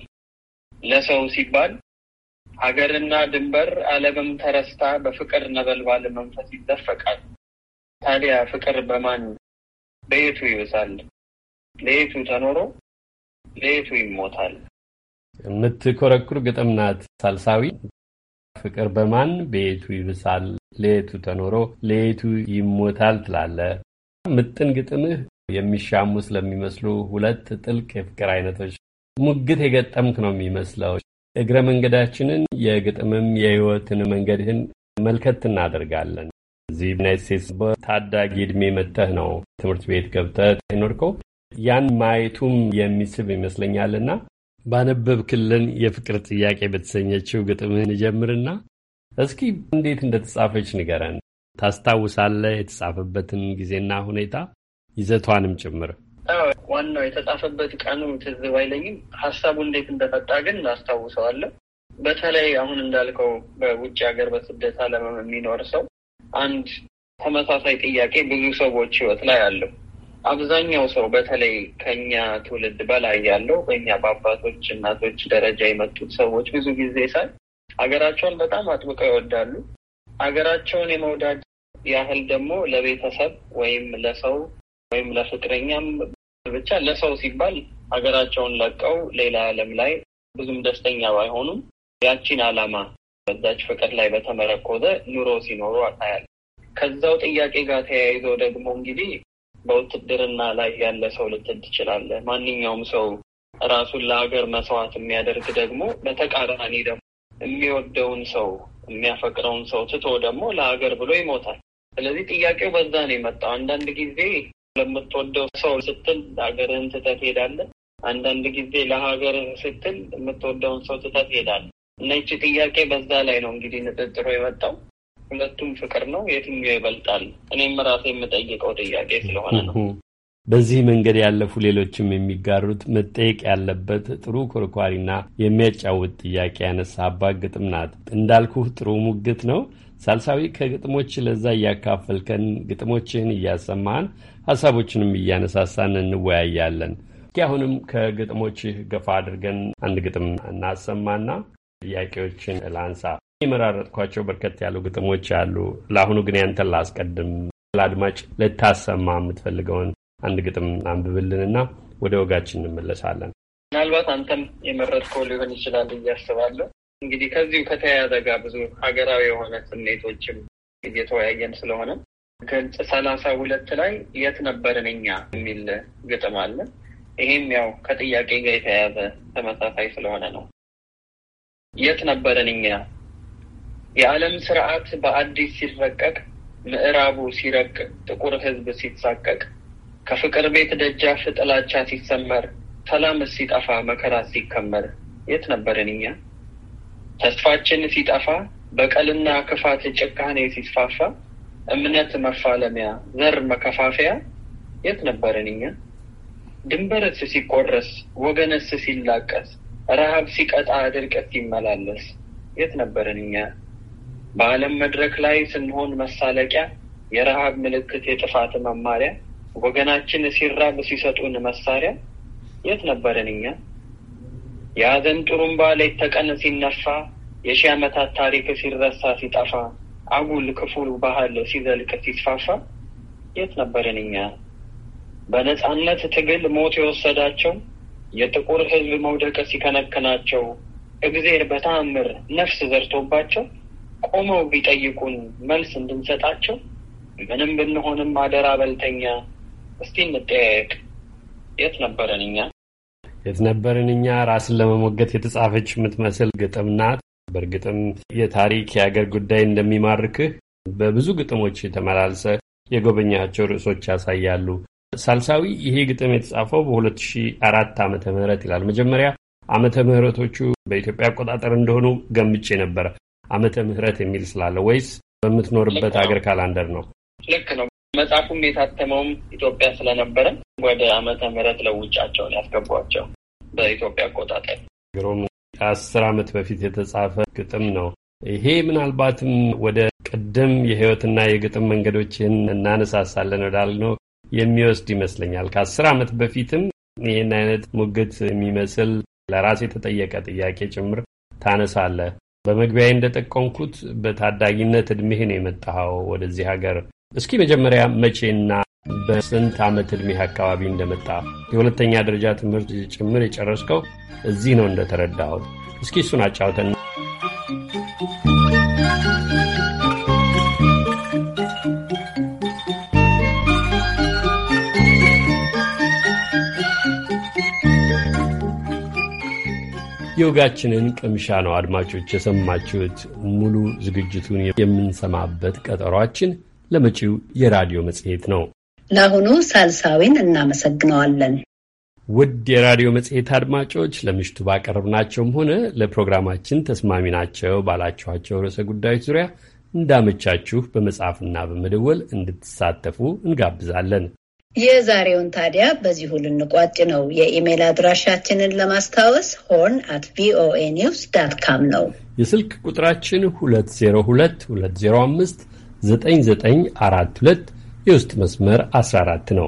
ለሰው ሲባል ሀገርና ድንበር ዓለምም ተረስታ በፍቅር ነበልባል መንፈስ ይዘፈቃል። ታዲያ ፍቅር በማን በየቱ ይብሳል? ለየቱ ተኖሮ ለየቱ ይሞታል? የምትኮረኩር ግጥም ናት ሳልሳዊ። ፍቅር በማን በየቱ ይብሳል? ለየቱ ተኖሮ ለየቱ ይሞታል ትላለ። ምጥን ግጥምህ የሚሻሙ ስለሚመስሉ ሁለት ጥልቅ የፍቅር አይነቶች ሙግት የገጠምክ ነው የሚመስለው። እግረ መንገዳችንን የግጥምም የህይወትን መንገድህን መልከት እናደርጋለን። እዚህ ዩናይት ስቴትስ በታዳጊ እድሜ መጥተህ ነው ትምህርት ቤት ገብተህ የኖርከው። ያን ማየቱም የሚስብ ይመስለኛልና ባነበብክልን የፍቅር ጥያቄ በተሰኘችው ግጥምህን ጀምርና እስኪ እንዴት እንደተጻፈች ንገረን። ታስታውሳለህ? የተጻፈበትን ጊዜና ሁኔታ ይዘቷንም ጭምር ዋናው የተጻፈበት ቀኑ ትዝ ባይለኝም ሀሳቡ እንዴት እንደመጣ ግን እናስታውሰዋለን። በተለይ አሁን እንዳልከው በውጭ ሀገር በስደት ዓለም የሚኖር ሰው አንድ ተመሳሳይ ጥያቄ ብዙ ሰዎች ህይወት ላይ አለው። አብዛኛው ሰው በተለይ ከኛ ትውልድ በላይ ያለው በእኛ በአባቶች እናቶች ደረጃ የመጡት ሰዎች ብዙ ጊዜ ሳይ ሀገራቸውን በጣም አጥብቀው ይወዳሉ። ሀገራቸውን የመውዳድ ያህል ደግሞ ለቤተሰብ ወይም ለሰው ወይም ለፍቅረኛም ብቻ ለሰው ሲባል ሀገራቸውን ለቀው ሌላ ዓለም ላይ ብዙም ደስተኛ ባይሆኑም ያቺን ዓላማ በዛች ፍቅር ላይ በተመረኮዘ ኑሮ ሲኖሩ አታያል። ከዛው ጥያቄ ጋር ተያይዞ ደግሞ እንግዲህ በውትድርና ላይ ያለ ሰው ልትል ትችላለህ። ማንኛውም ሰው ራሱን ለሀገር መስዋዕት የሚያደርግ ደግሞ በተቃራኒ ደግሞ የሚወደውን ሰው የሚያፈቅረውን ሰው ትቶ ደግሞ ለሀገር ብሎ ይሞታል። ስለዚህ ጥያቄው በዛ ነው የመጣው። አንዳንድ ጊዜ ለምትወደው ሰው ስትል ሀገርህን ትተህ ትሄዳለህ። አንዳንድ ጊዜ ለሀገር ስትል የምትወደውን ሰው ትተህ ትሄዳለህ እና ይቺ ጥያቄ በዛ ላይ ነው እንግዲህ ንጥጥሮ የመጣው። ሁለቱም ፍቅር ነው፣ የትኛው ይበልጣል? እኔም ራሴ የምጠይቀው ጥያቄ ስለሆነ ነው። በዚህ መንገድ ያለፉ ሌሎችም የሚጋሩት መጠየቅ ያለበት ጥሩ ኮርኳሪና የሚያጫውት ጥያቄ አባ ግጥም ናት። እንዳልኩህ ጥሩ ሙግት ነው ሳልሳዊ። ከግጥሞች ለዛ እያካፈልከን ግጥሞችህን እያሰማህን ሀሳቦችንም እያነሳሳን እንወያያለን። አሁንም ከግጥሞች ገፋ አድርገን አንድ ግጥም እናሰማና ጥያቄዎችን ላንሳ። የመራረጥኳቸው በርከት ያሉ ግጥሞች አሉ። ለአሁኑ ግን ያንተን ላስቀድም። ለአድማጭ ልታሰማ የምትፈልገውን አንድ ግጥም አንብብልንና ወደ ወጋችን እንመለሳለን። ምናልባት አንተም የመረጥከው ሊሆን ይችላል እያስባለሁ። እንግዲህ ከዚሁ ከተያያዘ ጋር ብዙ ሀገራዊ የሆነ ስሜቶችም እየተወያየን ስለሆነ ገጽ ሰላሳ ሁለት ላይ የት ነበርን እኛ የሚል ግጥም አለ። ይህም ያው ከጥያቄ ጋር የተያያዘ ተመሳሳይ ስለሆነ ነው። የት ነበርን እኛ የዓለም ስርዓት በአዲስ ሲረቀቅ፣ ምዕራቡ ሲረቅ፣ ጥቁር ህዝብ ሲሳቀቅ፣ ከፍቅር ቤት ደጃፍ ጥላቻ ሲሰመር፣ ሰላም ሲጠፋ፣ መከራ ሲከመር፣ የት ነበርን እኛ ተስፋችን ሲጠፋ፣ በቀልና ክፋት ጭካኔ ሲስፋፋ እምነት መፋለሚያ፣ ዘር መከፋፈያ የት ነበርን እኛ? ድንበርስ ሲቆረስ፣ ወገንስ ሲላቀስ፣ ረሃብ ሲቀጣ፣ ድርቀት ሲመላለስ የት ነበርን እኛ? በዓለም መድረክ ላይ ስንሆን መሳለቂያ፣ የረሃብ ምልክት፣ የጥፋት መማሪያ፣ ወገናችን ሲራብ ሲሰጡን መሳሪያ የት ነበርን እኛ? የሀዘን ጥሩምባ ሌት ተቀን ሲነፋ፣ የሺህ ዓመታት ታሪክ ሲረሳ ሲጠፋ አጉል ክፉል ባህል ሲዘልቅ ሲስፋፋ የት ነበርን እኛ? በነጻነት ትግል ሞት የወሰዳቸው የጥቁር ህዝብ መውደቅ ሲከነክናቸው እግዜር በተአምር ነፍስ ዘርቶባቸው ቆመው ቢጠይቁን መልስ እንድንሰጣቸው ምንም ብንሆንም አደራ በልተኛ እስቲ እንጠያየቅ። የት ነበረን እኛ? የት ነበርን እኛ ራስን ለመሞገት የተጻፈች የምትመስል ግጥም ናት። በእርግጥም የታሪክ የአገር ጉዳይ እንደሚማርክህ በብዙ ግጥሞች ተመላልሰ የጎበኛቸው ርዕሶች ያሳያሉ። ሳልሳዊ ይሄ ግጥም የተጻፈው በ2004 ዓመተ ምህረት ይላል። መጀመሪያ ዓመተ ምህረቶቹ በኢትዮጵያ አቆጣጠር እንደሆኑ ገምቼ ነበረ። ዓመተ ምህረት የሚል ስላለ ወይስ በምትኖርበት አገር ካላንደር ነው? ልክ ነው። መጽሐፉም የታተመውም ኢትዮጵያ ስለነበረ ወደ ዓመተ ምህረት ለውጫቸውን ያስገቧቸው በኢትዮጵያ አቆጣጠር ግሩም ከአስር ዓመት በፊት የተጻፈ ግጥም ነው። ይሄ ምናልባትም ወደ ቅድም የህይወትና የግጥም መንገዶችን እናነሳሳለን ወዳልነው የሚወስድ ይመስለኛል። ከአስር ዓመት በፊትም ይህን አይነት ሙግት የሚመስል ለራስ የተጠየቀ ጥያቄ ጭምር ታነሳለ። በመግቢያ እንደጠቀምኩት በታዳጊነት እድሜህ ነው የመጣኸው ወደዚህ ሀገር። እስኪ መጀመሪያ መቼና በስንት ዓመት ዕድሜህ አካባቢ እንደመጣ የሁለተኛ ደረጃ ትምህርት ጭምር የጨረስከው እዚህ ነው እንደተረዳሁት። እስኪ እሱን አጫውተን። የወጋችንን ቅምሻ ነው አድማጮች የሰማችሁት። ሙሉ ዝግጅቱን የምንሰማበት ቀጠሯችን ለመጪው የራዲዮ መጽሔት ነው። ለአሁኑ ሳልሳዊን እናመሰግነዋለን። ውድ የራዲዮ መጽሔት አድማጮች ለምሽቱ ባቀረብናቸውም ሆነ ለፕሮግራማችን ተስማሚ ናቸው ባላችኋቸው ርዕሰ ጉዳዮች ዙሪያ እንዳመቻችሁ በመጻፍና በመደወል እንድትሳተፉ እንጋብዛለን። የዛሬውን ታዲያ በዚሁ ልንቋጭ ነው። የኢሜል አድራሻችንን ለማስታወስ ሆርን አት ቪኦኤ ኒውስ ዳት ካም ነው። የስልክ ቁጥራችን 202205 9942 የውስጥ መስመር 14 ነው።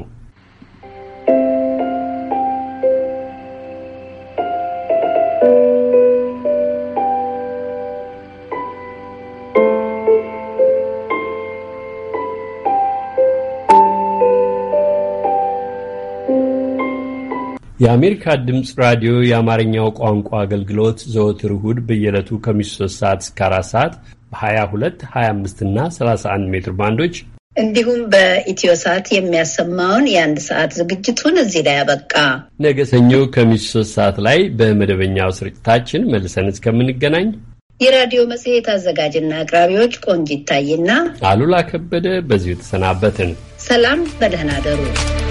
የአሜሪካ ድምፅ ራዲዮ የአማርኛው ቋንቋ አገልግሎት ዘወትር እሁድ በየዕለቱ ከሚ 3 ሰዓት እስከ 4 ሰዓት በ22፣ 25 እና 31 ሜትር ባንዶች እንዲሁም በኢትዮ ሰዓት የሚያሰማውን የአንድ ሰዓት ዝግጅቱን እዚህ ላይ አበቃ። ነገ ሰኞ ከምሽቱ ሶስት ሰዓት ላይ በመደበኛው ስርጭታችን መልሰን እስከምንገናኝ የራዲዮ መጽሔት አዘጋጅና አቅራቢዎች ቆንጅ ይታይና አሉላ ከበደ በዚሁ ተሰናበትን። ሰላም፣ በደህና አደሩ።